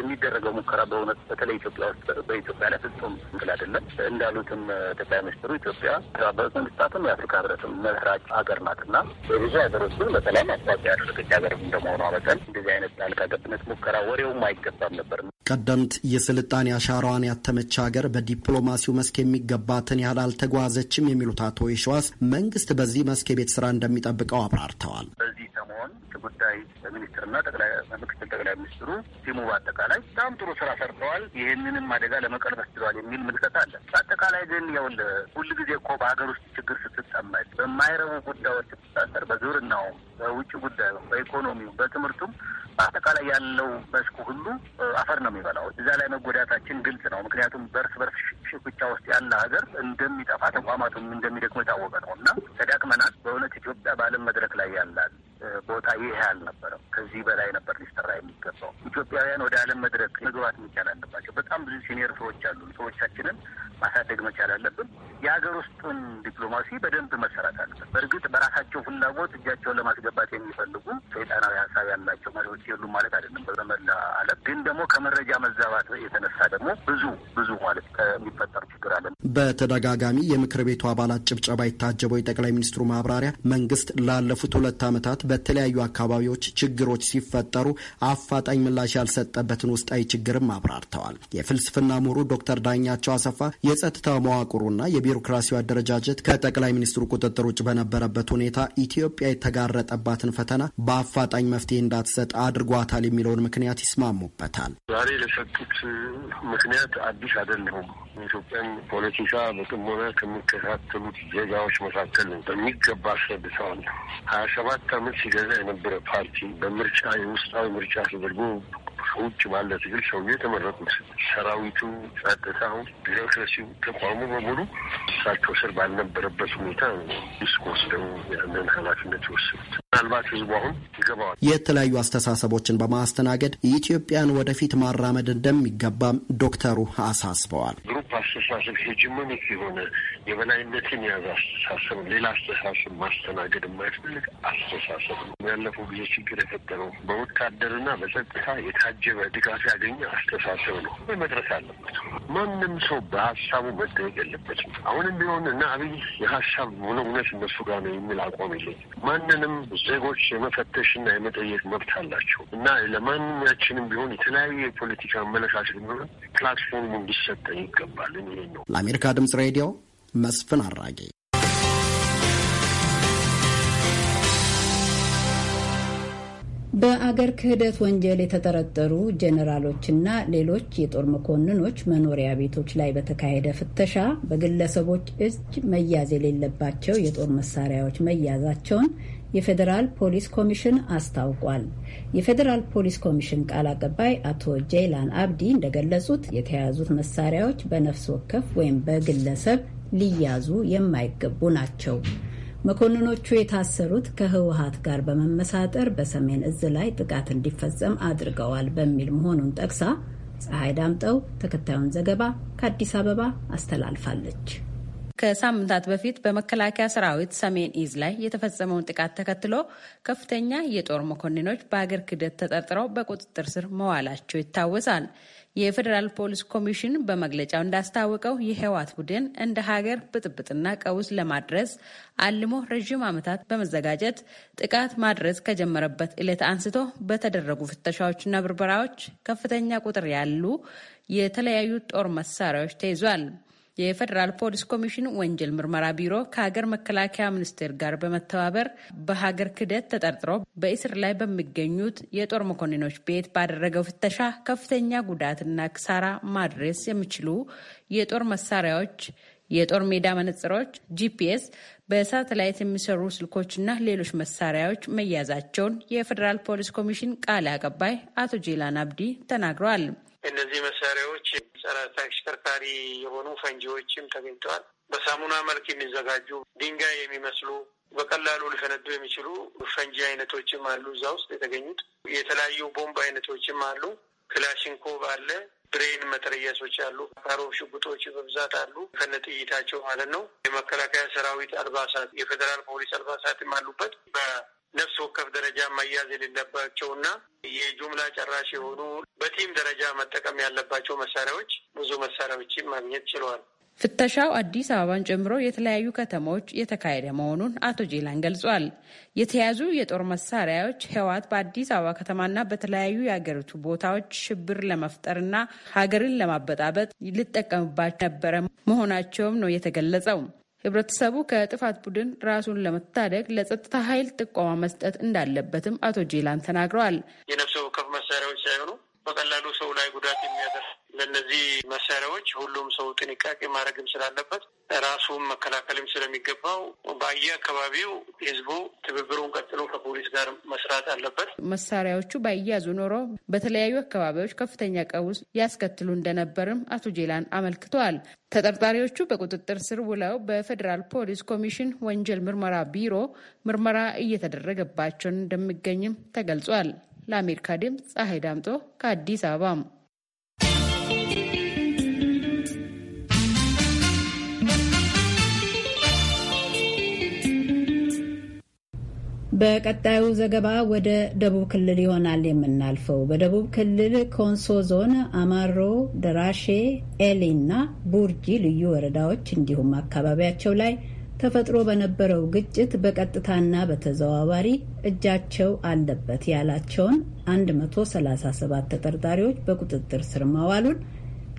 የሚደረገው ሙከራ በእውነት በተለይ ኢትዮጵያ ውስጥ በኢትዮጵያ ላይ ፍጹም እንግል አይደለም። እንዳሉትም ጠቅላይ ሚኒስትሩ ኢትዮጵያ የተባበሩት መንግስታትም የአፍሪካ ህብረትም መስራች ሀገር ናት እና የብዙ ግን በተለይ ማስታወቂያ ያደረገች ሀገር እንደመሆኑ መጠን እንደዚህ አይነት ጣልቃ ገብነት ሙከራ ወሬውም አይገባም ነበር። ቀደምት የስልጣኔ አሻራዋን ያተመች ሀገር በዲፕሎማሲው መስክ የሚገባትን ያህል አልተጓዘችም የሚሉት አቶ ይሸዋስ መንግስት በዚህ መስክ የቤት ስራ እንደሚጠብቀው አብራርተዋል። በዚህ በመሆን ጉዳይ ሚኒስትርና ጠቅላይ ምክትል ጠቅላይ ሚኒስትሩ ቲሙ በአጠቃላይ በጣም ጥሩ ስራ ሰርተዋል። ይህንንም አደጋ ለመቀልበስ ችለዋል የሚል ምልከት አለ። በአጠቃላይ ግን የውል ሁል ጊዜ እኮ በሀገር ውስጥ ችግር ስትጠመድ፣ በማይረቡ ጉዳዮች ስትታሰር፣ በግብርናውም፣ በውጭ ጉዳዩ፣ በኢኮኖሚው፣ በትምህርቱም በአጠቃላይ ያለው መስኩ ሁሉ አፈር ነው የሚበላው። እዛ ላይ መጎዳታችን ግልጽ ነው። ምክንያቱም በእርስ በርስ ሽኩቻ ውስጥ ያለ ሀገር እንደሚጠፋ ተቋማቱም እንደሚደክሙ የታወቀ ነው እና ተዳክመናል። በእውነት ኢትዮጵያ በዓለም መድረክ ላይ ያላል ቦታ ይሄ አልነበረም። ከዚህ በላይ ነበር ሊሰራ የሚገባው። ኢትዮጵያውያን ወደ ዓለም መድረክ መግባት መቻል አለባቸው። በጣም ብዙ ሲኒየር ሰዎች አሉ። ሰዎቻችንን ማሳደግ መቻል አለብን። የሀገር ውስጡን ዲፕሎማሲ በደንብ መሰራት አለበት። በእርግጥ በራሳቸው ፍላጎት እጃቸውን ለማስገባት የሚፈልጉ ሰይጣናዊ ሀሳብ ያላቸው መሪዎች የሉም ማለት አይደለም። በመላ ዓለም ግን ደግሞ ከመረጃ መዛባት የተነሳ ደግሞ ብዙ ብዙ ማለት የሚፈጠር ችግር አለ። በተደጋጋሚ የምክር ቤቱ አባላት ጭብጨባ የታጀበው የጠቅላይ ሚኒስትሩ ማብራሪያ መንግስት ላለፉት ሁለት ዓመታት በተለያዩ አካባቢዎች ችግሮች ሲፈጠሩ አፋጣኝ ምላሽ ያልሰጠበትን ውስጣዊ ችግርም አብራርተዋል። የፍልስፍና ምሁሩ ዶክተር ዳኛቸው አሰፋ የጸጥታ መዋቅሩና የቢሮክራሲው አደረጃጀት ከጠቅላይ ሚኒስትሩ ቁጥጥር ውጭ በነበረበት ሁኔታ ኢትዮጵያ የተጋረጠባትን ፈተና በአፋጣኝ መፍትሄ እንዳትሰጥ አድርጓታል የሚለውን ምክንያት ይስማሙበታል። ዛሬ ለሰጡት ምክንያት አዲስ አይደለም። ኢትዮጵያን ፖለቲካ በጥሞና ከሚከታተሉት ዜጋዎች መካከል በሚገባ አስረድተዋል። ሀያ ሰባት አመት ሲገዛ የነበረ ፓርቲ በምርጫ የውስጣዊ ምርጫ ተደርጎ ከውጭ ባለ ትግል ሰውዬ የተመረጡት ሰራዊቱ፣ ጸጥታው፣ ቢሮክራሲ ተቋሙ በሙሉ እሳቸው ስር ባልነበረበት ሁኔታ ውስጥ ወስደው ያንን ኃላፊነት ይወስዱት ምናልባት ህዝቡ አሁን ይገባዋል። የተለያዩ አስተሳሰቦችን በማስተናገድ ኢትዮጵያን ወደፊት ማራመድ እንደሚገባም ዶክተሩ አሳስበዋል። ግሩፕ አስተሳሰብ ሄጅመኒክ የሆነ የበላይነትን የያዘ አስተሳሰብ፣ ሌላ አስተሳሰብ ማስተናገድ የማይፈልግ አስተሳሰብ ነው። ያለፈው ጊዜ ችግር የፈጠረው በወታደርና በጸጥታ የታ የታጀበ ድጋፍ ያገኘ አስተሳሰብ ነው መድረስ አለበት። ማንም ሰው በሀሳቡ መጠየቅ የለበትም። አሁንም ቢሆን እና አብይ የሀሳብ ሙሉነት እነሱ ጋር ነው የሚል አቋም የለኝ። ማንንም ዜጎች የመፈተሽና የመጠየቅ መብት አላቸው እና ለማንኛችንም ቢሆን የተለያዩ የፖለቲካ አመለካከት ቢሆን ፕላትፎርሙ እንዲሰጠ ይገባል። ይሄ ነው። ለአሜሪካ ድምጽ ሬዲዮ መስፍን አራጌ በአገር ክህደት ወንጀል የተጠረጠሩ ና ሌሎች የጦር መኮንኖች መኖሪያ ቤቶች ላይ በተካሄደ ፍተሻ በግለሰቦች እጅ መያዝ የሌለባቸው የጦር መሳሪያዎች መያዛቸውን የፌዴራል ፖሊስ ኮሚሽን አስታውቋል። የፌዴራል ፖሊስ ኮሚሽን ቃል አቀባይ አቶ ጄይላን አብዲ እንደገለጹት የተያዙት መሳሪያዎች በነፍስ ወከፍ ወይም በግለሰብ ሊያዙ የማይገቡ ናቸው። መኮንኖቹ የታሰሩት ከህወሀት ጋር በመመሳጠር በሰሜን እዝ ላይ ጥቃት እንዲፈጸም አድርገዋል በሚል መሆኑን ጠቅሳ ፀሐይ ዳምጠው ተከታዩን ዘገባ ከአዲስ አበባ አስተላልፋለች። ከሳምንታት በፊት በመከላከያ ሰራዊት ሰሜን ኢዝ ላይ የተፈጸመውን ጥቃት ተከትሎ ከፍተኛ የጦር መኮንኖች በአገር ክህደት ተጠርጥረው በቁጥጥር ስር መዋላቸው ይታወሳል። የፌዴራል ፖሊስ ኮሚሽን በመግለጫው እንዳስታወቀው የህወሓት ቡድን እንደ ሀገር ብጥብጥና ቀውስ ለማድረስ አልሞ ረዥም ዓመታት በመዘጋጀት ጥቃት ማድረስ ከጀመረበት ዕለት አንስቶ በተደረጉ ፍተሻዎችና ብርበራዎች ከፍተኛ ቁጥር ያሉ የተለያዩ ጦር መሳሪያዎች ተይዟል። የፌዴራል ፖሊስ ኮሚሽን ወንጀል ምርመራ ቢሮ ከሀገር መከላከያ ሚኒስቴር ጋር በመተባበር በሀገር ክደት ተጠርጥሮ በእስር ላይ በሚገኙት የጦር መኮንኖች ቤት ባደረገው ፍተሻ ከፍተኛ ጉዳትና ክሳራ ማድረስ የሚችሉ የጦር መሳሪያዎች፣ የጦር ሜዳ መነጽሮች፣ ጂፒኤስ፣ በሳተላይት የሚሰሩ ስልኮችና ሌሎች መሳሪያዎች መያዛቸውን የፌዴራል ፖሊስ ኮሚሽን ቃል አቀባይ አቶ ጄላን አብዲ ተናግረዋል። እነዚህ መሳሪያዎች ጸረ ተሽከርካሪ የሆኑ ፈንጂዎችም ተገኝተዋል። በሳሙና መልክ የሚዘጋጁ ድንጋይ የሚመስሉ በቀላሉ ሊፈነዱ የሚችሉ ፈንጂ አይነቶችም አሉ። እዛ ውስጥ የተገኙት የተለያዩ ቦምብ አይነቶችም አሉ። ክላሽንኮቭ አለ። ብሬን መጠረያሶች አሉ። ካሮ ሽጉጦች በብዛት አሉ፣ ከነ ጥይታቸው ማለት ነው። የመከላከያ ሰራዊት አልባሳት፣ የፌዴራል ፖሊስ አልባሳትም አሉበት። ነፍስ ወከፍ ደረጃ መያዝ የሌለባቸው እና የጁምላ ጨራሽ የሆኑ በቲም ደረጃ መጠቀም ያለባቸው መሳሪያዎች ብዙ መሳሪያዎችን ማግኘት ችለዋል። ፍተሻው አዲስ አበባን ጨምሮ የተለያዩ ከተሞች የተካሄደ መሆኑን አቶ ጄላን ገልጿል። የተያዙ የጦር መሳሪያዎች ህወሓት በአዲስ አበባ ከተማና በተለያዩ የሀገሪቱ ቦታዎች ሽብር ለመፍጠርና ሀገርን ለማበጣበጥ ሊጠቀምባቸው ነበረ መሆናቸውም ነው የተገለጸው። ህብረተሰቡ ከጥፋት ቡድን ራሱን ለመታደግ ለጸጥታ ኃይል ጥቆማ መስጠት እንዳለበትም አቶ ጄላን ተናግረዋል። የነፍስ ወከፍ መሳሪያዎች ሳይሆኑ በቀላሉ ሰው ላይ ጉዳት የሚያደርስ ለእነዚህ መሳሪያዎች ሁሉም ሰው ጥንቃቄ ማድረግም ስላለበት ራሱን መከላከልም ስለሚገባው በየአካባቢው ህዝቡ ትብብሩን ቀጥሎ ከፖሊስ ጋር መስራት አለበት። መሳሪያዎቹ ባይያዙ ኖሮ በተለያዩ አካባቢዎች ከፍተኛ ቀውስ ያስከትሉ እንደነበርም አቶ ጄላን አመልክተዋል። ተጠርጣሪዎቹ በቁጥጥር ስር ውለው በፌዴራል ፖሊስ ኮሚሽን ወንጀል ምርመራ ቢሮ ምርመራ እየተደረገባቸውን እንደሚገኝም ተገልጿል። ለአሜሪካ ድምፅ ፀሐይ ዳምጦ ከአዲስ አበባ በቀጣዩ ዘገባ ወደ ደቡብ ክልል ይሆናል የምናልፈው። በደቡብ ክልል ኮንሶ ዞን አማሮ፣ ደራሼ፣ ኤሌ እና ቡርጂ ልዩ ወረዳዎች እንዲሁም አካባቢያቸው ላይ ተፈጥሮ በነበረው ግጭት በቀጥታና በተዘዋዋሪ እጃቸው አለበት ያላቸውን 137 ተጠርጣሪዎች በቁጥጥር ስር መዋሉን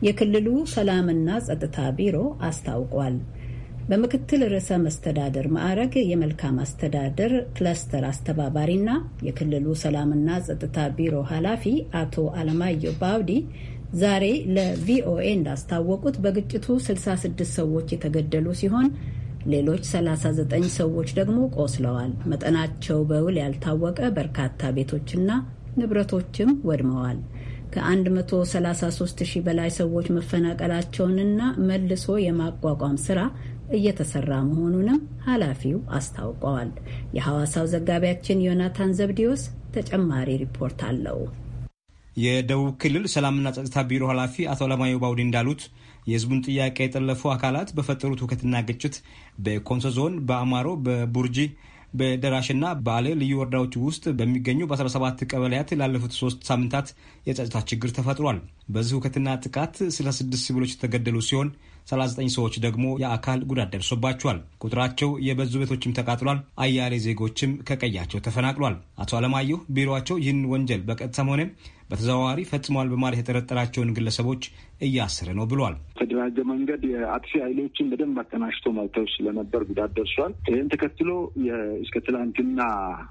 የክልሉ ሰላምና ጸጥታ ቢሮ አስታውቋል። በምክትል ርዕሰ መስተዳደር ማዕረግ የመልካም አስተዳደር ክለስተር አስተባባሪና የክልሉ ሰላምና ጸጥታ ቢሮ ኃላፊ አቶ አለማየሁ ባውዲ ዛሬ ለቪኦኤ እንዳስታወቁት በግጭቱ 66 ሰዎች የተገደሉ ሲሆን ሌሎች 39 ሰዎች ደግሞ ቆስለዋል። መጠናቸው በውል ያልታወቀ በርካታ ቤቶችና ንብረቶችም ወድመዋል። ከ133 ሺህ በላይ ሰዎች መፈናቀላቸውንና መልሶ የማቋቋም ስራ እየተሰራ መሆኑንም ኃላፊው አስታውቀዋል። የሐዋሳው ዘጋቢያችን ዮናታን ዘብዲዮስ ተጨማሪ ሪፖርት አለው። የደቡብ ክልል ሰላምና ጸጥታ ቢሮ ኃላፊ አቶ አለማየሁ ባውዲ እንዳሉት የህዝቡን ጥያቄ የጠለፉ አካላት በፈጠሩት ውከትና ግጭት በኮንሶ ዞን በአማሮ፣ በቡርጂ፣ በደራሽና በአሌ ልዩ ወረዳዎች ውስጥ በሚገኙ በ17 ቀበሌያት ላለፉት ሶስት ሳምንታት የጸጥታ ችግር ተፈጥሯል። በዚህ ውከትና ጥቃት ስለ ስድስት ሲቪሎች የተገደሉ ሲሆን 39 ሰዎች ደግሞ የአካል ጉዳት ደርሶባቸዋል። ቁጥራቸው የበዙ ቤቶችም ተቃጥሏል። አያሌ ዜጎችም ከቀያቸው ተፈናቅሏል። አቶ አለማየሁ ቢሮቸው ይህን ወንጀል በቀጥታም ሆነ በተዘዋዋሪ ፈጽመዋል በማለት የጠረጠራቸውን ግለሰቦች እያሰረ ነው ብሏል። በተደራጀ መንገድ የአጥፊ ኃይሎችን በደንብ አቀናሽቶ መተው ስለነበር ጉዳት ደርሷል። ይህን ተከትሎ እስከ ትላንትና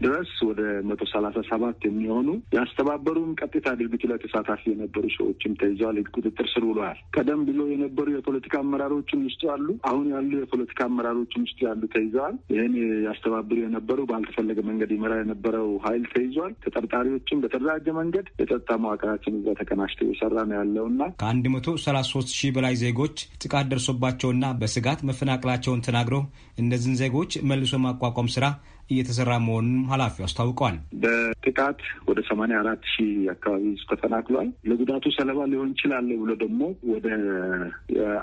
ድረስ ወደ መቶ ሰላሳ ሰባት የሚሆኑ ያስተባበሩም ቀጥታ ድርጊቱ ላይ ተሳታፊ የነበሩ ሰዎችም ተይዘዋል፣ ቁጥጥር ስር ውለዋል። ቀደም ብሎ የነበሩ የፖለቲካ አመራሮችም ውስጡ አሉ። አሁን ያሉ የፖለቲካ አመራሮችም ውስጡ ያሉ ተይዘዋል። ይህን ያስተባብሩ የነበሩ ባልተፈለገ መንገድ ይመራ የነበረው ኃይል ተይዟል። ተጠርጣሪዎችም በተደራጀ መንገድ የጸጥታ መዋቅራችን እዛ ተቀናጅተው የሰራ ነው ያለውና ከአንድ 133 ሺህ በላይ ዜጎች ጥቃት ደርሶባቸውና በስጋት መፈናቀላቸውን ተናግረው እነዚህን ዜጎች መልሶ ማቋቋም ስራ እየተሰራ መሆኑንም ኃላፊው አስታውቀዋል። በጥቃት ወደ ሰማንያ አራት ሺህ አካባቢ ተፈናቅሏል። ለጉዳቱ ሰለባ ሊሆን ይችላል ብሎ ደግሞ ወደ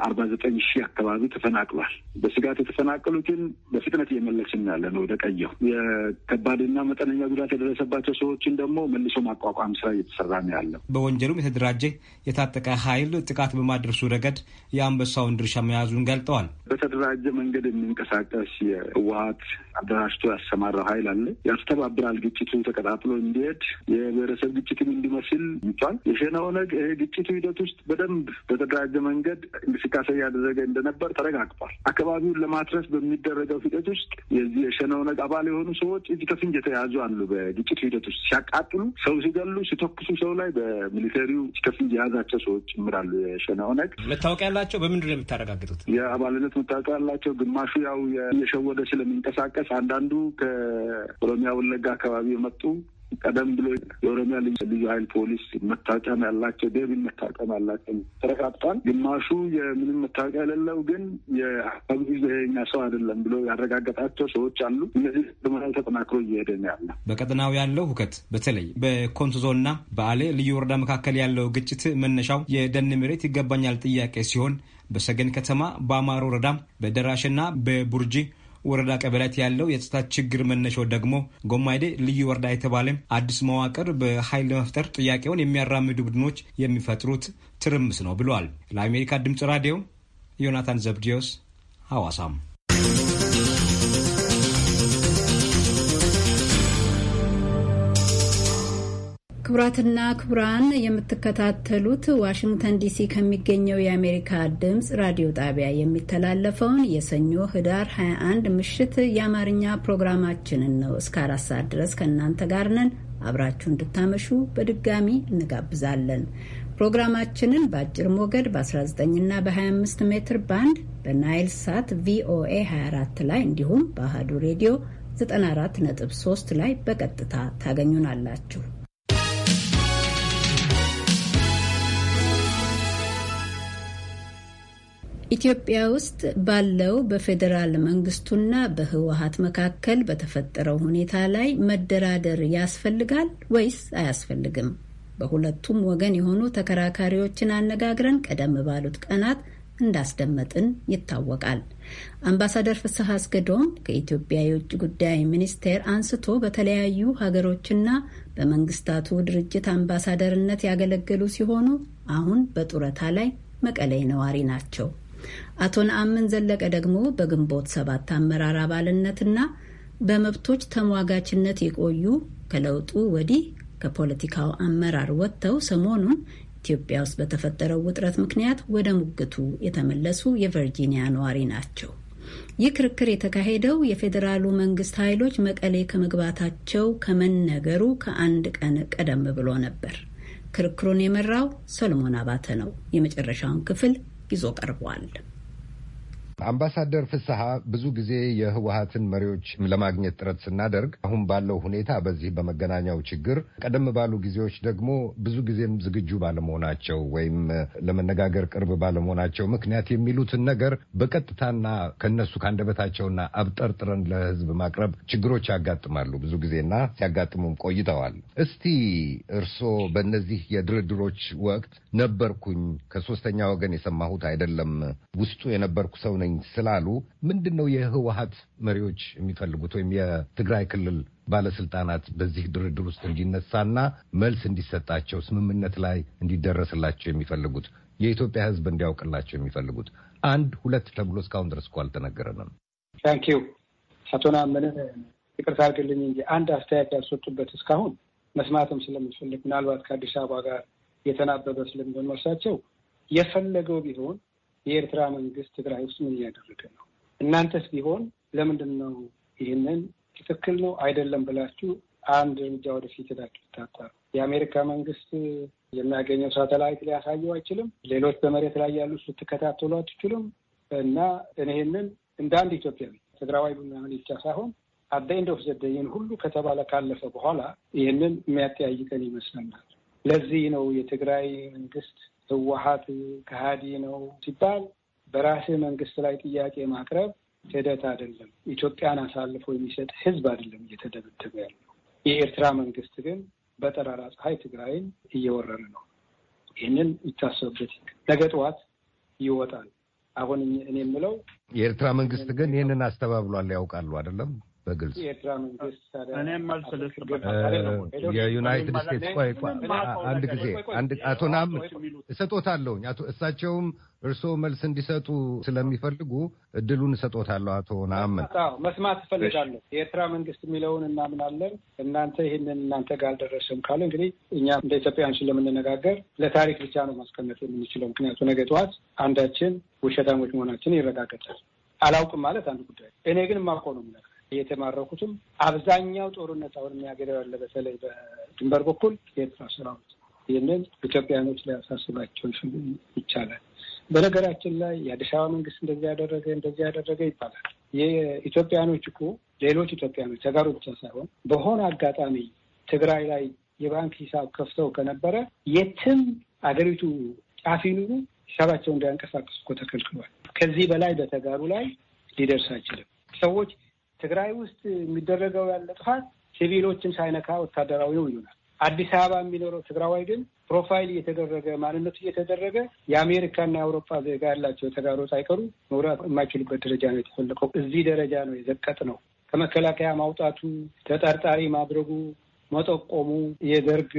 አርባ ዘጠኝ ሺህ አካባቢ ተፈናቅሏል። በስጋት የተፈናቀሉትን በፍጥነት እየመለስን ያለ ነው ወደ ቀየው። የከባድና መጠነኛ ጉዳት የደረሰባቸው ሰዎችን ደግሞ መልሶ ማቋቋም ስራ እየተሰራ ነው ያለው። በወንጀሉም የተደራጀ የታጠቀ ኃይል ጥቃት በማድረሱ ረገድ የአንበሳውን ድርሻ መያዙን ገልጠዋል። በተደራጀ መንገድ የሚንቀሳቀስ የህወሀት አደራጅቶ ያሰ የተሰማራው ሀይል አለ። ያስተባብራል። ግጭቱን ተቀጣጥሎ እንዲሄድ የብሔረሰብ ግጭትን እንዲመስል ይቷል። የሸነ ኦነግ ይሄ ግጭቱ ሂደት ውስጥ በደንብ በተደራጀ መንገድ እንቅስቃሴ እያደረገ እንደነበር ተረጋግጧል። አካባቢውን ለማትረፍ በሚደረገው ሂደት ውስጥ የዚህ የሸነ ኦነግ አባል የሆኑ ሰዎች እጅ ከፍንጅ የተያዙ አሉ። በግጭቱ ሂደት ውስጥ ሲያቃጥሉ፣ ሰው ሲገሉ፣ ሲተኩሱ ሰው ላይ በሚሊተሪው እጅ ከፍንጅ የያዛቸው ሰዎች ይምራሉ። የሸነ ኦነግ መታወቂያ ያላቸው በምንድን ነው የምታረጋግጡት? የአባልነት መታወቂያ ያላቸው ግማሹ ያው የሸወደ ስለሚንቀሳቀስ አንዳንዱ ከ ከኦሮሚያ ወለጋ አካባቢ የመጡ ቀደም ብሎ የኦሮሚያ ልዩ ኃይል ፖሊስ መታወቂያም ያላቸው ዴቪን መታወቂያም ያላቸው ተረጋግጧል። ግማሹ የምንም መታወቂያ የሌለው ግን የአካባቢ የኛ ሰው አይደለም ብሎ ያረጋገጣቸው ሰዎች አሉ። እነዚህ ዘመናዊ ተጠናክሮ እየሄደ ነው ያለ። በቀጠናው ያለው ሁከት በተለይ በኮንሶ ዞንና በአሌ ልዩ ወረዳ መካከል ያለው ግጭት መነሻው የደን መሬት ይገባኛል ጥያቄ ሲሆን በሰገን ከተማ፣ በአማሮ ወረዳ፣ በደራሽና በቡርጂ ወረዳ ቀበሌያት ያለው የጸጥታ ችግር መነሻው ደግሞ ጎማይዴ ልዩ ወረዳ የተባለ አዲስ መዋቅር በኃይል ለመፍጠር ጥያቄውን የሚያራምዱ ቡድኖች የሚፈጥሩት ትርምስ ነው ብለዋል። ለአሜሪካ ድምፅ ራዲዮ ዮናታን ዘብዲዮስ ሐዋሳም ክቡራትና ክቡራን የምትከታተሉት ዋሽንግተን ዲሲ ከሚገኘው የአሜሪካ ድምፅ ራዲዮ ጣቢያ የሚተላለፈውን የሰኞ ህዳር 21 ምሽት የአማርኛ ፕሮግራማችንን ነው። እስከ አራት ሰዓት ድረስ ከእናንተ ጋር ነን። አብራችሁ እንድታመሹ በድጋሚ እንጋብዛለን። ፕሮግራማችንን በአጭር ሞገድ በ19ና በ25 ሜትር ባንድ በናይል ሳት ቪኦኤ 24 ላይ እንዲሁም በአህዱ ሬዲዮ 94.3 ላይ በቀጥታ ታገኙናላችሁ። ኢትዮጵያ ውስጥ ባለው በፌዴራል መንግስቱና በህወሀት መካከል በተፈጠረው ሁኔታ ላይ መደራደር ያስፈልጋል ወይስ አያስፈልግም? በሁለቱም ወገን የሆኑ ተከራካሪዎችን አነጋግረን ቀደም ባሉት ቀናት እንዳስደመጥን ይታወቃል። አምባሳደር ፍስሐ አስገዶም ከኢትዮጵያ የውጭ ጉዳይ ሚኒስቴር አንስቶ በተለያዩ ሀገሮችና በመንግስታቱ ድርጅት አምባሳደርነት ያገለገሉ ሲሆኑ አሁን በጡረታ ላይ መቀሌ ነዋሪ ናቸው። አቶ ነአምን ዘለቀ ደግሞ በግንቦት ሰባት አመራር አባልነትና በመብቶች ተሟጋችነት የቆዩ ከለውጡ ወዲህ ከፖለቲካው አመራር ወጥተው ሰሞኑን ኢትዮጵያ ውስጥ በተፈጠረው ውጥረት ምክንያት ወደ ሙግቱ የተመለሱ የቨርጂኒያ ነዋሪ ናቸው። ይህ ክርክር የተካሄደው የፌዴራሉ መንግስት ኃይሎች መቀሌ ከመግባታቸው ከመነገሩ ከአንድ ቀን ቀደም ብሎ ነበር። ክርክሩን የመራው ሰሎሞን አባተ ነው። የመጨረሻውን ክፍል ይዞ ቀርቧል። አምባሳደር ፍስሐ ብዙ ጊዜ የህወሀትን መሪዎች ለማግኘት ጥረት ስናደርግ አሁን ባለው ሁኔታ በዚህ በመገናኛው ችግር፣ ቀደም ባሉ ጊዜዎች ደግሞ ብዙ ጊዜም ዝግጁ ባለመሆናቸው ወይም ለመነጋገር ቅርብ ባለመሆናቸው ምክንያት የሚሉትን ነገር በቀጥታና ከነሱ ከአንደበታቸውና አብጠርጥረን ለህዝብ ማቅረብ ችግሮች ያጋጥማሉ ብዙ ጊዜና ሲያጋጥሙም ቆይተዋል። እስቲ እርስዎ በእነዚህ የድርድሮች ወቅት ነበርኩኝ ከሶስተኛ ወገን የሰማሁት አይደለም ውስጡ የነበርኩ ሰው ነኝ ነኝ ስላሉ ምንድን ነው የህወሀት መሪዎች የሚፈልጉት ወይም የትግራይ ክልል ባለስልጣናት በዚህ ድርድር ውስጥ እንዲነሳና መልስ እንዲሰጣቸው ስምምነት ላይ እንዲደረስላቸው የሚፈልጉት የኢትዮጵያ ህዝብ እንዲያውቅላቸው የሚፈልጉት አንድ ሁለት ተብሎ እስካሁን ድረስ እኮ አልተነገረንም። ታንኪዩ አቶና ምንም ይቅርታ አድርግልኝ እንጂ አንድ አስተያየት ያልሰጡበት እስካሁን መስማትም ስለምፈልግ ምናልባት ከአዲስ አበባ ጋር የተናበበ ስለሚሆን መርሳቸው የፈለገው ቢሆን የኤርትራ መንግስት ትግራይ ውስጥ ምን እያደረገ ነው? እናንተስ ቢሆን ለምንድን ነው ይህንን ትክክል ነው አይደለም ብላችሁ አንድ እርምጃ ወደፊት ሄዳችሁ ብታጣሩ? የአሜሪካ መንግስት የሚያገኘው ሳተላይት ሊያሳየው አይችልም? ሌሎች በመሬት ላይ ያሉ ልትከታተሉ አትችሉም? እና እኔህንን እንደ አንድ ኢትዮጵያዊ ትግራዋይ ቡናን ብቻ ሳይሆን አደይንድ ኦፍ ዘደይን ሁሉ ከተባለ ካለፈ በኋላ ይህንን የሚያጠያይቀን ይመስለናል። ለዚህ ነው የትግራይ መንግስት ህወሀት ከሃዲ ነው ሲባል በራሴ መንግስት ላይ ጥያቄ ማቅረብ ሂደት አይደለም። ኢትዮጵያን አሳልፎ የሚሰጥ ህዝብ አይደለም እየተደበደበ ያለው። የኤርትራ መንግስት ግን በጠራራ ፀሐይ ትግራይን እየወረረ ነው። ይህንን ይታሰብበት። ነገ ጠዋት ይወጣል። አሁን እኔ የምለው የኤርትራ መንግስት ግን ይህንን አስተባብሏል። ያውቃሉ አይደለም በግልጽ እኔም መልስ ልስጥ። የዩናይትድ ስቴትስ ቆይ አንድ ጊዜ አቶ ናም እሰጦታለሁኝ። እሳቸውም እርስዎ መልስ እንዲሰጡ ስለሚፈልጉ እድሉን እሰጦታለሁ። አቶ ናምን መስማት እፈልጋለሁ። የኤርትራ መንግስት የሚለውን እናምናለን። እናንተ ይህንን እናንተ ጋር አልደረሰም ካለ እንግዲህ እኛ እንደ ኢትዮጵያውያን ስለምንነጋገር ለታሪክ ብቻ ነው ማስቀመጥ የምንችለው። ምክንያቱ ነገ ጠዋት አንዳችን ውሸታሞች መሆናችን ይረጋገጣል። አላውቅም ማለት አንድ ጉዳይ። እኔ ግን ማቆ ነው የተማረኩትም አብዛኛው ጦርነት አሁን የሚያገደው ያለ በተለይ በድንበር በኩል የኤርትራ ሰራዊት ይህንን ኢትዮጵያኖች ሊያሳስባቸው ይቻላል። በነገራችን ላይ የአዲስ አበባ መንግስት እንደዚህ ያደረገ እንደዚህ ያደረገ ይባላል። የኢትዮጵያኖች እኮ ሌሎች ኢትዮጵያኖች ተጋሩ ብቻ ሳይሆን በሆነ አጋጣሚ ትግራይ ላይ የባንክ ሂሳብ ከፍተው ከነበረ የትም አገሪቱ ጫፍ ይኑሩ ሂሳባቸው እንዳያንቀሳቀሱ እኮ ተከልክሏል። ከዚህ በላይ በተጋሩ ላይ ሊደርስ አይችልም። ሰዎች ትግራይ ውስጥ የሚደረገው ያለ ጥፋት ሲቪሎችን ሳይነካ ወታደራዊ ነው ይሉናል። አዲስ አበባ የሚኖረው ትግራዋይ ግን ፕሮፋይል እየተደረገ ማንነቱ እየተደረገ የአሜሪካና የአውሮፓ ዜጋ ያላቸው ተጋሮ ሳይቀሩ መውራት የማይችሉበት ደረጃ ነው የተፈለቀው። እዚህ ደረጃ ነው የዘቀጥ ነው። ከመከላከያ ማውጣቱ፣ ተጠርጣሪ ማድረጉ፣ መጠቆሙ የደርግ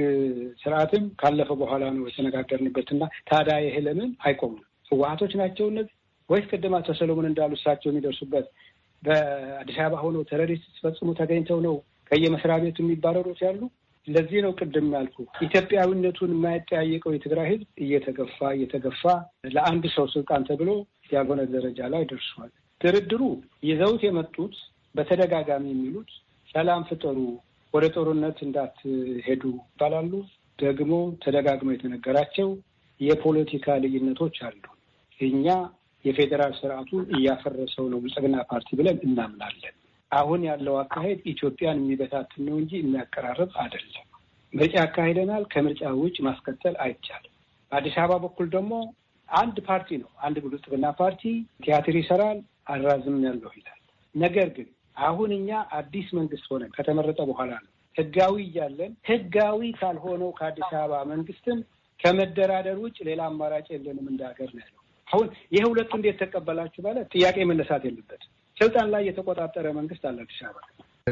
ስርዓትም ካለፈ በኋላ ነው የተነጋገርንበት እና ታዲያ ይሄ ለምን አይቆሙም? ህወሀቶች ናቸው እነዚህ ወይስ ቅድም አቶ እንዳሉ እሳቸው የሚደርሱበት በአዲስ አበባ ሆነው ተረሪስ ሲፈጽሙ ተገኝተው ነው ከየመስሪያ ቤቱ የሚባረሩት ያሉ። ለዚህ ነው ቅድም ያልኩ ኢትዮጵያዊነቱን የማይጠያየቀው የትግራይ ህዝብ እየተገፋ እየተገፋ ለአንድ ሰው ስልጣን ተብሎ ያልሆነ ደረጃ ላይ ደርሷል። ድርድሩ ይዘውት የመጡት በተደጋጋሚ የሚሉት ሰላም ፍጠሩ፣ ወደ ጦርነት እንዳትሄዱ ይባላሉ። ደግሞ ተደጋግመው የተነገራቸው የፖለቲካ ልዩነቶች አሉ። እኛ የፌዴራል ስርዓቱ እያፈረሰው ነው ብልጽግና ፓርቲ ብለን እናምናለን። አሁን ያለው አካሄድ ኢትዮጵያን የሚበታትን ነው እንጂ የሚያቀራርብ አይደለም። ምርጫ አካሂደናል። ከምርጫ ውጭ ማስከተል አይቻልም። በአዲስ አበባ በኩል ደግሞ አንድ ፓርቲ ነው፣ አንድ ብልጽግና ፓርቲ ቲያትር ይሰራል፣ አራዝም ያለው ይላል። ነገር ግን አሁን እኛ አዲስ መንግስት ሆነ ከተመረጠ በኋላ ነው ህጋዊ እያለን ህጋዊ ካልሆነው ከአዲስ አበባ መንግስትም ከመደራደር ውጭ ሌላ አማራጭ የለንም እንደ ሀገር ነው ያለው። አሁን ይሄ ሁለቱ እንዴት ተቀበላችሁ ማለት ጥያቄ መነሳት የለበት። ስልጣን ላይ የተቆጣጠረ መንግስት አለ አዲስ አበባ።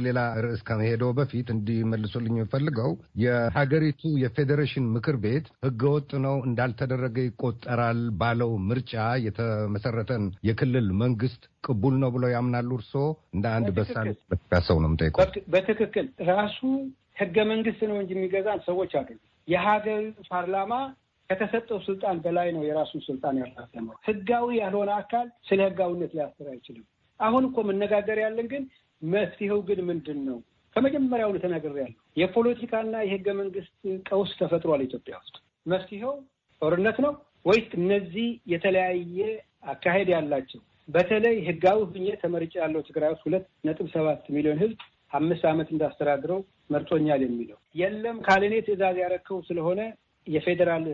ሌላ ርዕስ ከመሄደው በፊት እንዲመልሱልኝ የምፈልገው የሀገሪቱ የፌዴሬሽን ምክር ቤት ህገወጥ ነው እንዳልተደረገ ይቆጠራል ባለው ምርጫ የተመሰረተን የክልል መንግስት ቅቡል ነው ብለው ያምናሉ? እርስዎ እንደ አንድ በሳል ሰው ነው የምጠይቀው። በትክክል ራሱ ህገ መንግስት ነው እንጂ የሚገዛን ሰዎች አሉ። የሀገር ፓርላማ ከተሰጠው ስልጣን በላይ ነው የራሱን ስልጣን ያራዘመው። ህጋዊ ያልሆነ አካል ስለ ህጋዊነት ሊያስር አይችልም። አሁን እኮ መነጋገር ያለን ግን መፍትሄው ግን ምንድን ነው? ከመጀመሪያውኑ ተናግሬያለሁ። የፖለቲካና የህገ መንግስት ቀውስ ተፈጥሯል ኢትዮጵያ ውስጥ። መፍትሄው ጦርነት ነው ወይስ እነዚህ የተለያየ አካሄድ ያላቸው በተለይ ህጋዊ ሁኜ ተመርጬ ያለው ትግራይ ውስጥ ሁለት ነጥብ ሰባት ሚሊዮን ህዝብ አምስት ዓመት እንዳስተዳድረው መርጦኛል የሚለው የለም ካልኔ ትዕዛዝ ያረከው ስለሆነ የፌዴራል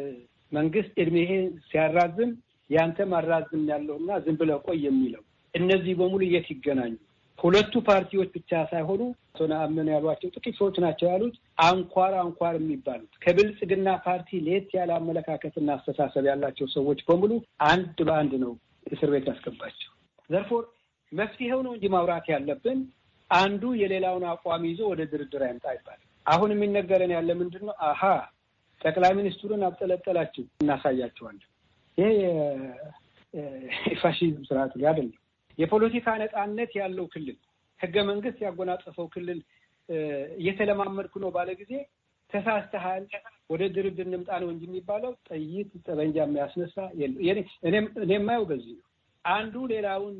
መንግስት እድሜህ ሲያራዝም ያንተም አራዝም ያለውና ዝም ብለህ ቆይ የሚለው እነዚህ በሙሉ የት ይገናኙ? ሁለቱ ፓርቲዎች ብቻ ሳይሆኑ ቶና አመን ያሏቸው ጥቂት ሰዎች ናቸው ያሉት አንኳር አንኳር የሚባሉት ከብልጽግና ፓርቲ ለየት ያለ አመለካከትና አስተሳሰብ ያላቸው ሰዎች በሙሉ አንድ በአንድ ነው እስር ቤት ያስገባቸው። ዘርፎር መፍትሄው ነው እንጂ ማውራት ያለብን አንዱ የሌላውን አቋም ይዞ ወደ ድርድር አይምጣ ይባላል። አሁን የሚነገረን ያለ ምንድን ነው? አሃ ጠቅላይ ሚኒስትሩን አብጠለጠላችሁ፣ እናሳያቸዋለን። ይሄ የፋሽዝም ስርዓት ላይ አይደለም። የፖለቲካ ነጻነት ያለው ክልል ህገ መንግስት ያጎናጸፈው ክልል እየተለማመድኩ ነው ባለ ጊዜ ተሳስተሃል፣ ወደ ድርድር እንምጣ ነው እንጂ የሚባለው ጥይት ጠበንጃ የሚያስነሳ እኔ የማየው በዚህ ነው። አንዱ ሌላውን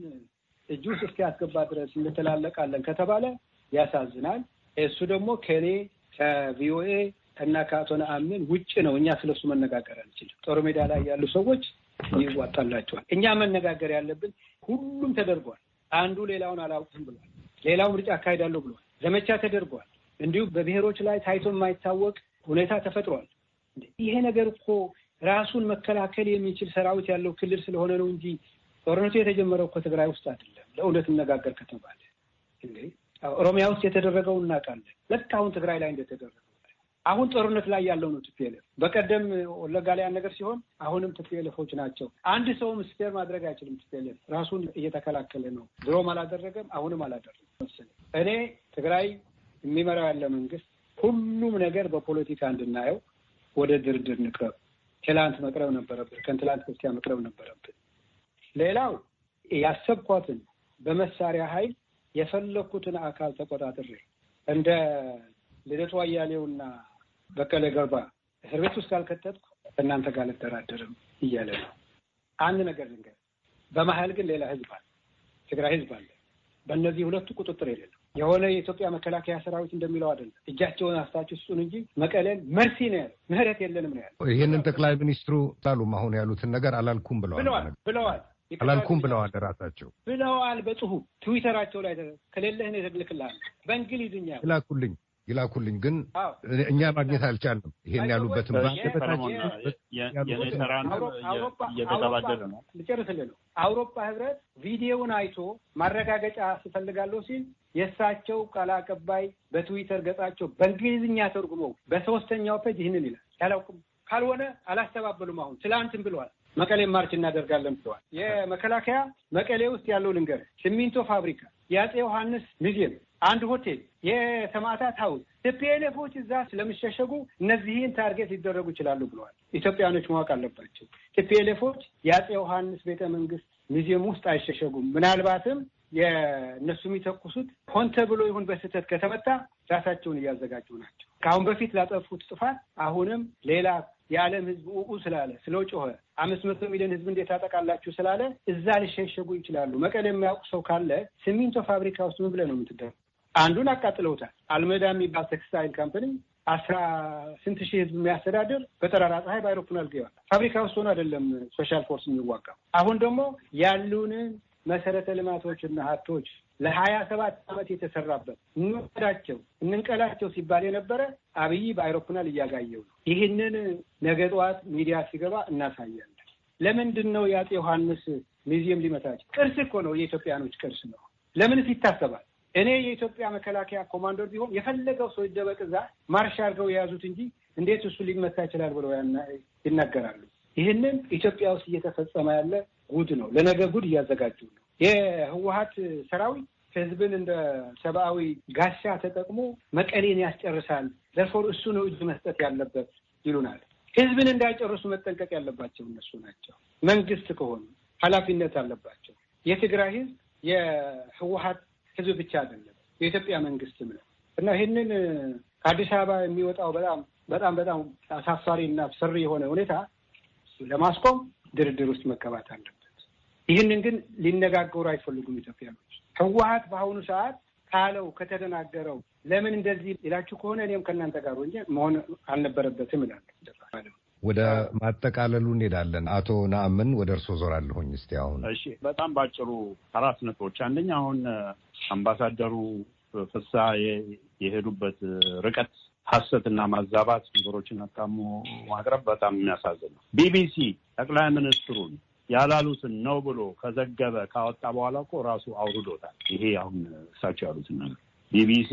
እጁ ውስጥ እስኪያስገባ ድረስ እንተላለቃለን ከተባለ ያሳዝናል። እሱ ደግሞ ከኔ ከቪኦኤ እና ከአቶ ነአምን ውጭ ነው። እኛ ስለሱ መነጋገር አንችልም። ጦር ሜዳ ላይ ያሉ ሰዎች ይዋጣላቸዋል። እኛ መነጋገር ያለብን ሁሉም ተደርጓል። አንዱ ሌላውን አላውቅም ብሏል። ሌላው ምርጫ አካሄዳለሁ ብሏል። ዘመቻ ተደርጓል። እንዲሁም በብሔሮች ላይ ታይቶ የማይታወቅ ሁኔታ ተፈጥሯል። ይሄ ነገር እኮ ራሱን መከላከል የሚችል ሰራዊት ያለው ክልል ስለሆነ ነው እንጂ ጦርነቱ የተጀመረው እኮ ትግራይ ውስጥ አይደለም። ለእውነት እነጋገር ከተባለ ኦሮሚያ ውስጥ የተደረገው እናውቃለን። ልክ አሁን ትግራይ ላይ እንደተደረገው አሁን ጦርነት ላይ ያለው ነው ቲፒኤልኤፍ። በቀደም ወለጋ ላይ ነገር ሲሆን አሁንም ቲፒኤልኤፎች ናቸው። አንድ ሰውም ስፔር ማድረግ አይችልም። ቲፒኤልኤፍ ራሱን እየተከላከለ ነው። ድሮም አላደረገም፣ አሁንም አላደረገም። እኔ ትግራይ የሚመራው ያለ መንግስት ሁሉም ነገር በፖለቲካ እንድናየው ወደ ድርድር ንቅረብ። ትላንት መቅረብ ነበረብን፣ ከትላንት በስቲያ መቅረብ ነበረብን። ሌላው ያሰብኳትን በመሳሪያ ኃይል የፈለግኩትን አካል ተቆጣጥሬ እንደ ልደቱ አያሌውና በቀለ ገርባ እስር ቤት ውስጥ ካልከተትኩ እናንተ ጋር አልደራደርም እያለ ነው። አንድ ነገር ልንገር፣ በመሀል ግን ሌላ ህዝብ አለ፣ ትግራይ ህዝብ አለ። በእነዚህ ሁለቱ ቁጥጥር የሌለው የሆነ የኢትዮጵያ መከላከያ ሰራዊት እንደሚለው አይደለም። እጃቸውን አስታችሁ ስጡን እንጂ መቀሌን መርሲ ነው ያለው፣ ምህረት የለንም ነው ያለው። ይህንን ጠቅላይ ሚኒስትሩ ላሉም አሁን ያሉትን ነገር አላልኩም ብለዋል ብለዋል አላልኩም ብለዋል ራሳቸው ብለዋል። በጽሁፍ ትዊተራቸው ላይ ከሌለህን የተልክልሃል በእንግሊዝኛ ላኩልኝ ይላኩልኝ። ግን እኛ ማግኘት አልቻልንም። ይሄን ያሉበትን ባንክ ልጨርስልህ ነው። አውሮፓ ህብረት ቪዲዮውን አይቶ ማረጋገጫ ስፈልጋለሁ ሲል የእሳቸው ቃል አቀባይ በትዊተር ገጻቸው በእንግሊዝኛ ተርጉመው በሶስተኛው ፔጅ ይህንን ይላል። ያላውቅም ካልሆነ አላስተባበሉም። አሁን ትላንትም ብለዋል። መቀሌ ማርች እናደርጋለን ብለዋል። የመከላከያ መቀሌ ውስጥ ያለው ልንገር ሲሚንቶ ፋብሪካ፣ የአፄ ዮሐንስ ሙዚየም፣ አንድ ሆቴል፣ የሰማዕታት ሐውልት ቲፒኤልኤፎች እዛ ስለሚሸሸጉ እነዚህን ታርጌት ሊደረጉ ይችላሉ ብለዋል። ኢትዮጵያኖች ማወቅ አለባቸው። ቲፒኤልኤፎች የአፄ ዮሐንስ ቤተ መንግስት ሙዚየም ውስጥ አይሸሸጉም። ምናልባትም የእነሱ የሚተኩሱት ሆን ተብሎ ይሁን በስህተት ከተመታ ራሳቸውን እያዘጋጁ ናቸው። ከአሁን በፊት ላጠፉት ጥፋት አሁንም ሌላ የዓለም ህዝብ ውቁ ስላለ ጮኸ አምስት መቶ ሚሊዮን ህዝብ እንዴት ታጠቃላችሁ ስላለ እዛ ሊሸሸጉ ይችላሉ። መቀሌ የሚያውቁ ሰው ካለ ሲሚንቶ ፋብሪካ ውስጥ ምን ብለህ ነው የምትደረ አንዱን አቃጥለውታል። አልመዳ የሚባል ቴክስታይል ካምፓኒ አስራ ስንት ሺህ ህዝብ የሚያስተዳድር በጠራራ ፀሐይ በአይሮፕላን ገብቷል። ፋብሪካ ውስጥ ሆኖ አይደለም ሶሻል ፎርስ የሚዋጋው። አሁን ደግሞ ያሉንን መሰረተ ልማቶችና ሀብቶች ለሀያ ሰባት ዓመት የተሰራበት እንወዳቸው እንንቀላቸው ሲባል የነበረ አብይ በአይሮፕላን እያጋየው ነው። ይህንን ነገ ጠዋት ሚዲያ ሲገባ እናሳያለን። ለምንድን ነው የአፄ ዮሐንስ ሚዚየም ሊመታቸው? ቅርስ እኮ ነው፣ የኢትዮጵያኖች ቅርስ ነው። ለምንስ ይታሰባል? እኔ የኢትዮጵያ መከላከያ ኮማንደር ቢሆን የፈለገው ሰው ይደበቅ እዛ ማርሽ አድርገው የያዙት እንጂ እንዴት እሱ ሊመታ ይችላል ብለው ይናገራሉ። ይህንን ኢትዮጵያ ውስጥ እየተፈጸመ ያለ ጉድ ነው። ለነገ ጉድ እያዘጋጁ ነው። የህወሀት ሰራዊት ህዝብን እንደ ሰብአዊ ጋሻ ተጠቅሞ መቀሌን ያስጨርሳል። ለፎር እሱ ነው እጅ መስጠት ያለበት ይሉናል። ህዝብን እንዳይጨርሱ መጠንቀቅ ያለባቸው እነሱ ናቸው። መንግስት ከሆኑ ኃላፊነት አለባቸው። የትግራይ ህዝብ የህወሀት ህዝብ ብቻ አይደለም የኢትዮጵያ መንግስትም ነው እና ይህንን ከአዲስ አበባ የሚወጣው በጣም በጣም በጣም አሳፋሪ እና ስሪ የሆነ ሁኔታ ለማስቆም ድርድር ውስጥ መገባት አለበት። ይህንን ግን ሊነጋገሩ አይፈልጉም ኢትዮጵያኖች። ህወሀት በአሁኑ ሰዓት ካለው ከተደናገረው ለምን እንደዚህ ይላችሁ ከሆነ እኔም ከእናንተ ጋር ሆኜ መሆን አልነበረበትም ይላል። ወደ ማጠቃለሉ እንሄዳለን። አቶ ናምን ወደ እርስዎ ዞራለሁኝ። እስቲ አሁን እሺ፣ በጣም ባጭሩ አራት ነጥቦች። አንደኛ አሁን አምባሳደሩ ፍሳ የሄዱበት ርቀት ሀሰትና ማዛባት ነገሮችን አጣሙ ማቅረብ በጣም የሚያሳዝን ነው። ቢቢሲ ጠቅላይ ሚኒስትሩን ያላሉትን ነው ብሎ ከዘገበ ካወጣ በኋላ እኮ ራሱ አውርዶታል። ይሄ አሁን እሳቸው ያሉትን ነገር ቢቢሲ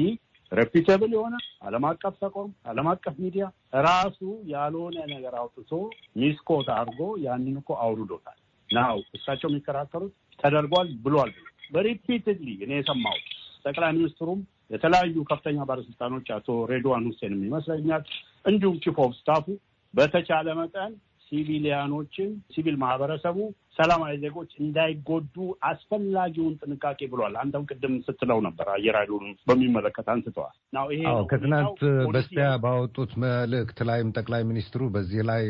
ሬፒቴብል የሆነ ዓለም አቀፍ ተቋም ዓለም አቀፍ ሚዲያ ራሱ ያልሆነ ነገር አውጥቶ ሚስኮት አድርጎ ያንን እኮ አውርዶታል። ናው እሳቸው የሚከራከሩት ተደርጓል ብሏል ብሎ በሪፒትድሊ እኔ የሰማው ጠቅላይ ሚኒስትሩም የተለያዩ ከፍተኛ ባለስልጣኖች አቶ ሬድዋን ሁሴን የሚመስለኛል፣ እንዲሁም ቺፍ ኦፍ ስታፉ በተቻለ መጠን ሲቪሊያኖችን፣ ሲቪል ማህበረሰቡ፣ ሰላማዊ ዜጎች እንዳይጎዱ አስፈላጊውን ጥንቃቄ ብሏል። አንተም ቅድም ስትለው ነበር አየር ኃይሉን በሚመለከት አንስተዋል። ይሄ ከትናንት በስቲያ ባወጡት መልእክት ላይም ጠቅላይ ሚኒስትሩ በዚህ ላይ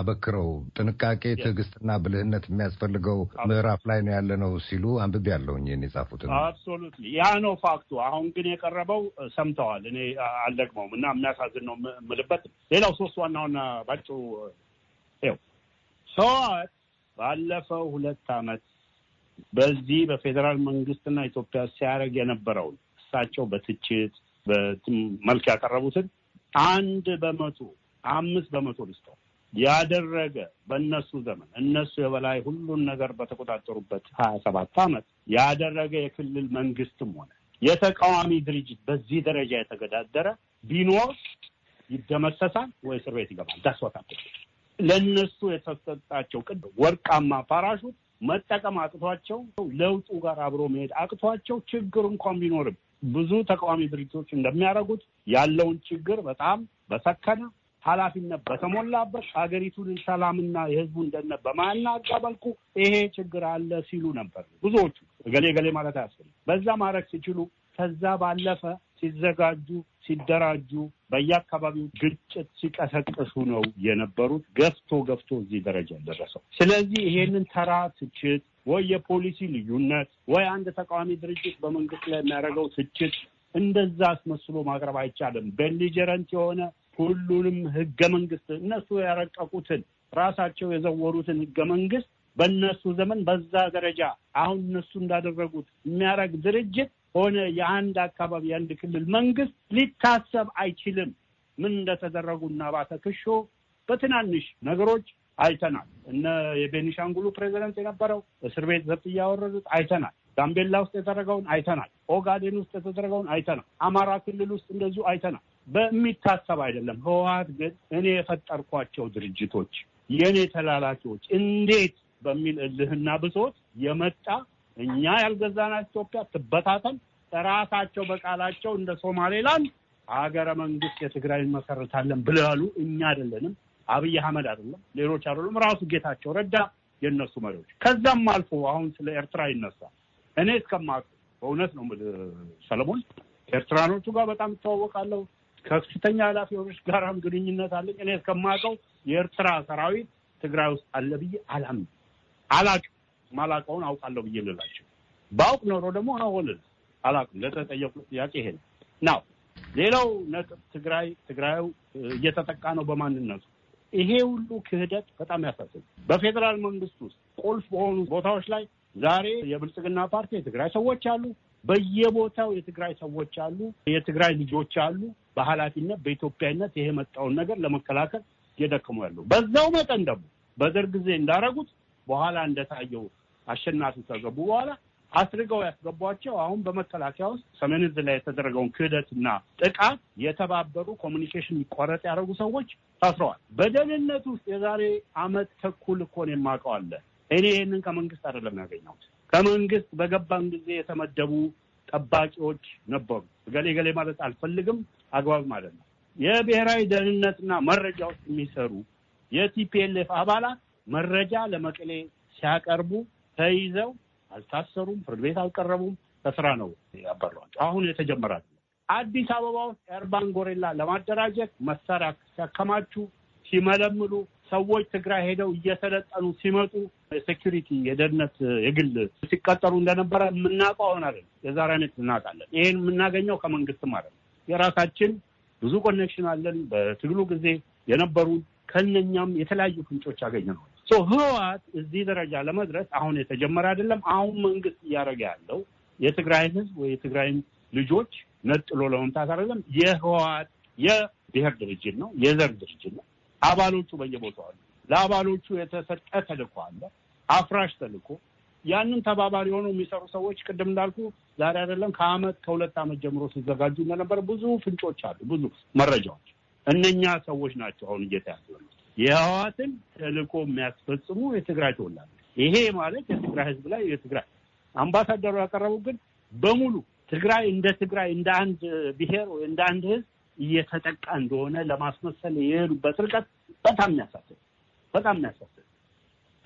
አበክረው ጥንቃቄ፣ ትዕግስትና ብልህነት የሚያስፈልገው ምዕራፍ ላይ ነው ያለ ነው ሲሉ አንብቤ ያለውኝ ይህን የጻፉት አብሶሉት ያ ነው ፋክቱ። አሁን ግን የቀረበው ሰምተዋል። እኔ አልደግመውም እና የሚያሳዝን ነው ምልበት ሌላው ሶስት ዋና ዋና ባጭሩ ይኸው ሰዋት ባለፈው ሁለት ዓመት በዚህ በፌዴራል መንግስትና ኢትዮጵያ ሲያደርግ የነበረውን እሳቸው በትችት መልክ ያቀረቡትን አንድ በመቶ አምስት በመቶ ልስተው ያደረገ በእነሱ ዘመን እነሱ የበላይ ሁሉን ነገር በተቆጣጠሩበት ሀያ ሰባት ዓመት ያደረገ የክልል መንግስትም ሆነ የተቃዋሚ ድርጅት በዚህ ደረጃ የተገዳደረ ቢኖር ይደመሰሳል ወይ እስር ቤት ይገባል። ዳስዋታ ለእነሱ የተሰጣቸው ቅድ ወርቃማ ፓራሹት መጠቀም አቅቷቸው ለውጡ ጋር አብሮ መሄድ አቅቷቸው ችግር እንኳን ቢኖርም ብዙ ተቃዋሚ ድርጅቶች እንደሚያደርጉት ያለውን ችግር በጣም በሰከነ ኃላፊነት በተሞላበት ሀገሪቱን ሰላምና የሕዝቡን ደህንነት በማናጋ መልኩ ይሄ ችግር አለ ሲሉ ነበር። ብዙዎቹ እገሌ እገሌ ማለት አያስፈልግም። በዛ ማድረግ ሲችሉ ከዛ ባለፈ ሲዘጋጁ ሲደራጁ፣ በየአካባቢው ግጭት ሲቀሰቅሱ ነው የነበሩት። ገፍቶ ገፍቶ እዚህ ደረጃ ደረሰው። ስለዚህ ይሄንን ተራ ትችት ወይ የፖሊሲ ልዩነት ወይ አንድ ተቃዋሚ ድርጅት በመንግስት ላይ የሚያደርገው ትችት እንደዛ አስመስሎ ማቅረብ አይቻልም። ቤሊጀረንት የሆነ ሁሉንም ህገ መንግስት እነሱ ያረቀቁትን ራሳቸው የዘወሩትን ህገ መንግስት በእነሱ ዘመን በዛ ደረጃ አሁን እነሱ እንዳደረጉት የሚያደርግ ድርጅት ሆነ የአንድ አካባቢ የአንድ ክልል መንግስት ሊታሰብ አይችልም። ምን እንደተደረጉ እና ባተ ክሾ በትናንሽ ነገሮች አይተናል። እነ የቤኒሻንጉሉ ፕሬዚደንት የነበረው እስር ቤት ዘብት እያወረዱት አይተናል። ጋምቤላ ውስጥ የተደረገውን አይተናል። ኦጋዴን ውስጥ የተደረገውን አይተናል። አማራ ክልል ውስጥ እንደዚሁ አይተናል። በሚታሰብ አይደለም። ህወሀት ግን እኔ የፈጠርኳቸው ድርጅቶች የእኔ ተላላኪዎች እንዴት በሚል እልህና ብሶት የመጣ እኛ ያልገዛናት ኢትዮጵያ ትበታተን፣ ራሳቸው በቃላቸው እንደ ሶማሌላንድ ሀገረ መንግስት የትግራይ መሰረታለን ብለሉ። እኛ አይደለንም፣ አብይ አህመድ አይደለም፣ ሌሎች አይደሉም፣ ራሱ ጌታቸው ረዳ የእነሱ መሪዎች። ከዛም አልፎ አሁን ስለ ኤርትራ ይነሳ። እኔ እስከማውቅ በእውነት ነው ሰለሞን፣ ኤርትራኖቹ ጋር በጣም እተዋወቃለሁ ከፍተኛ ኃላፊዎች ጋራም ግንኙነት አለኝ። እኔ እስከማውቀው የኤርትራ ሰራዊት ትግራይ ውስጥ አለ ብዬ አላም አላቅ ማላቀውን አውቃለሁ ብዬ ልላቸው በአውቅ ኖሮ ደግሞ አሁን አላቅም። ለተጠየቁ ጥያቄ ይሄ ነው ሌላው ነጥብ ትግራይ ትግራዩ እየተጠቃ ነው በማንነቱ። ይሄ ሁሉ ክህደት በጣም ያሳስብ። በፌዴራል መንግስት ውስጥ ቁልፍ በሆኑ ቦታዎች ላይ ዛሬ የብልጽግና ፓርቲ የትግራይ ሰዎች አሉ፣ በየቦታው የትግራይ ሰዎች አሉ፣ የትግራይ ልጆች አሉ። በኃላፊነት በኢትዮጵያዊነት ይሄ መጣውን ነገር ለመከላከል እየደከሙ ያሉ በዛው መጠን ደግሞ በደርግ ጊዜ እንዳረጉት በኋላ እንደታየው አሸናፊ ከገቡ በኋላ አስርገው ያስገቧቸው አሁን በመከላከያ ውስጥ ሰሜን ላይ የተደረገውን ክህደትና ጥቃት የተባበሩ ኮሚኒኬሽን ይቆረጥ ያደረጉ ሰዎች ታስረዋል። በደህንነት ውስጥ የዛሬ አመት ተኩል እኮን የማውቀው አለ። እኔ ይህንን ከመንግስት አይደለም ያገኘሁት። ከመንግስት በገባን ጊዜ የተመደቡ ጠባቂዎች ነበሩ። ገሌ ገሌ ማለት አልፈልግም፣ አግባብም አይደለም። የብሔራዊ ደህንነትና መረጃ ውስጥ የሚሰሩ የቲፒኤልኤፍ አባላት መረጃ ለመቀሌ ሲያቀርቡ ተይዘው አልታሰሩም፣ ፍርድ ቤት አልቀረቡም። ከስራ ነው ያበሯቸው። አሁን የተጀመራት አዲስ አበባ ውስጥ ኤርባን ጎሬላ ለማደራጀት መሳሪያ ሲያከማቹ፣ ሲመለምሉ ሰዎች ትግራይ ሄደው እየሰለጠኑ ሲመጡ ሴኪሪቲ የደህንነት የግል ሲቀጠሩ እንደነበረ የምናውቀው አሁን አይደለም። የዛሬ አይነት እናውቃለን። ይህን የምናገኘው ከመንግስትም አይደለም። የራሳችን ብዙ ኮኔክሽን አለን። በትግሉ ጊዜ የነበሩን ከነኛም የተለያዩ ፍንጮች ያገኘ ነው። ሶ ህወሓት እዚህ ደረጃ ለመድረስ አሁን የተጀመረ አይደለም። አሁን መንግስት እያደረገ ያለው የትግራይን ህዝብ ወይ የትግራይን ልጆች ነጥሎ ለመምታት አይደለም። የህወሓት የብሔር ድርጅት ነው፣ የዘር ድርጅት ነው። አባሎቹ በየቦታው አሉ። ለአባሎቹ የተሰጠ ተልእኮ አለ፣ አፍራሽ ተልእኮ። ያንን ተባባሪ የሆኑ የሚሰሩ ሰዎች ቅድም እንዳልኩ ዛሬ አይደለም ከአመት ከሁለት አመት ጀምሮ ሲዘጋጁ እንደነበር ብዙ ፍንጮች አሉ፣ ብዙ መረጃዎች። እነኛ ሰዎች ናቸው አሁን እየተያዙ ያሉት። የህዋትን ተልዕኮ የሚያስፈጽሙ የትግራይ ተወላጆች ይሄ ማለት የትግራይ ህዝብ ላይ የትግራይ አምባሳደሩ ያቀረቡ ግን በሙሉ ትግራይ እንደ ትግራይ እንደ አንድ ብሔር ወይ እንደ አንድ ህዝብ እየተጠቃ እንደሆነ ለማስመሰል የሄዱበት ርቀት በጣም የሚያሳስብ በጣም የሚያሳስብ።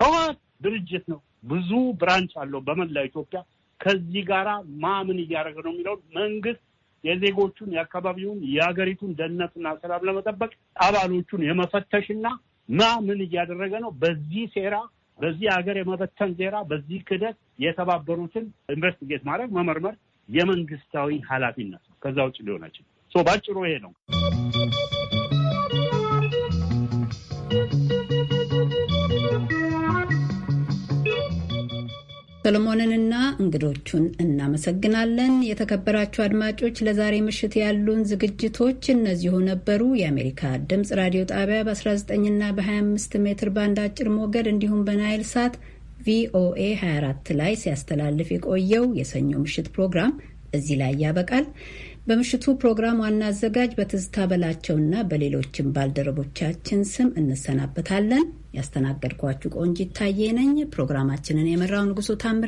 ህወሓት ድርጅት ነው፣ ብዙ ብራንች አለው በመላ ኢትዮጵያ። ከዚህ ጋራ ማምን እያደረገ ነው የሚለውን መንግስት የዜጎቹን የአካባቢውን የሀገሪቱን ደህንነትና ሰላም ለመጠበቅ አባሎቹን የመፈተሽና ማ ምን እያደረገ ነው በዚህ ሴራ በዚህ ሀገር የመበተን ዜራ በዚህ ክደት የተባበሩትን ኢንቨስቲጌት ማድረግ መመርመር የመንግስታዊ ኃላፊነት ነው። ከዛ ውጭ ሊሆን ሶ ባጭሩ ይሄ ነው። ሰለሞንንና እንግዶቹን እናመሰግናለን። የተከበራችሁ አድማጮች፣ ለዛሬ ምሽት ያሉን ዝግጅቶች እነዚሁ ነበሩ። የአሜሪካ ድምፅ ራዲዮ ጣቢያ በ19ና በ25 ሜትር ባንድ አጭር ሞገድ እንዲሁም በናይል ሳት ቪኦኤ 24 ላይ ሲያስተላልፍ የቆየው የሰኞ ምሽት ፕሮግራም እዚህ ላይ ያበቃል። በምሽቱ ፕሮግራም ዋና አዘጋጅ በትዝታ በላቸውና በሌሎችም ባልደረቦቻችን ስም እንሰናበታለን። ያስተናገድኳችሁ ቆንጂት ታዬ ነኝ። ፕሮግራማችንን የመራው ንጉሱ ታምሬ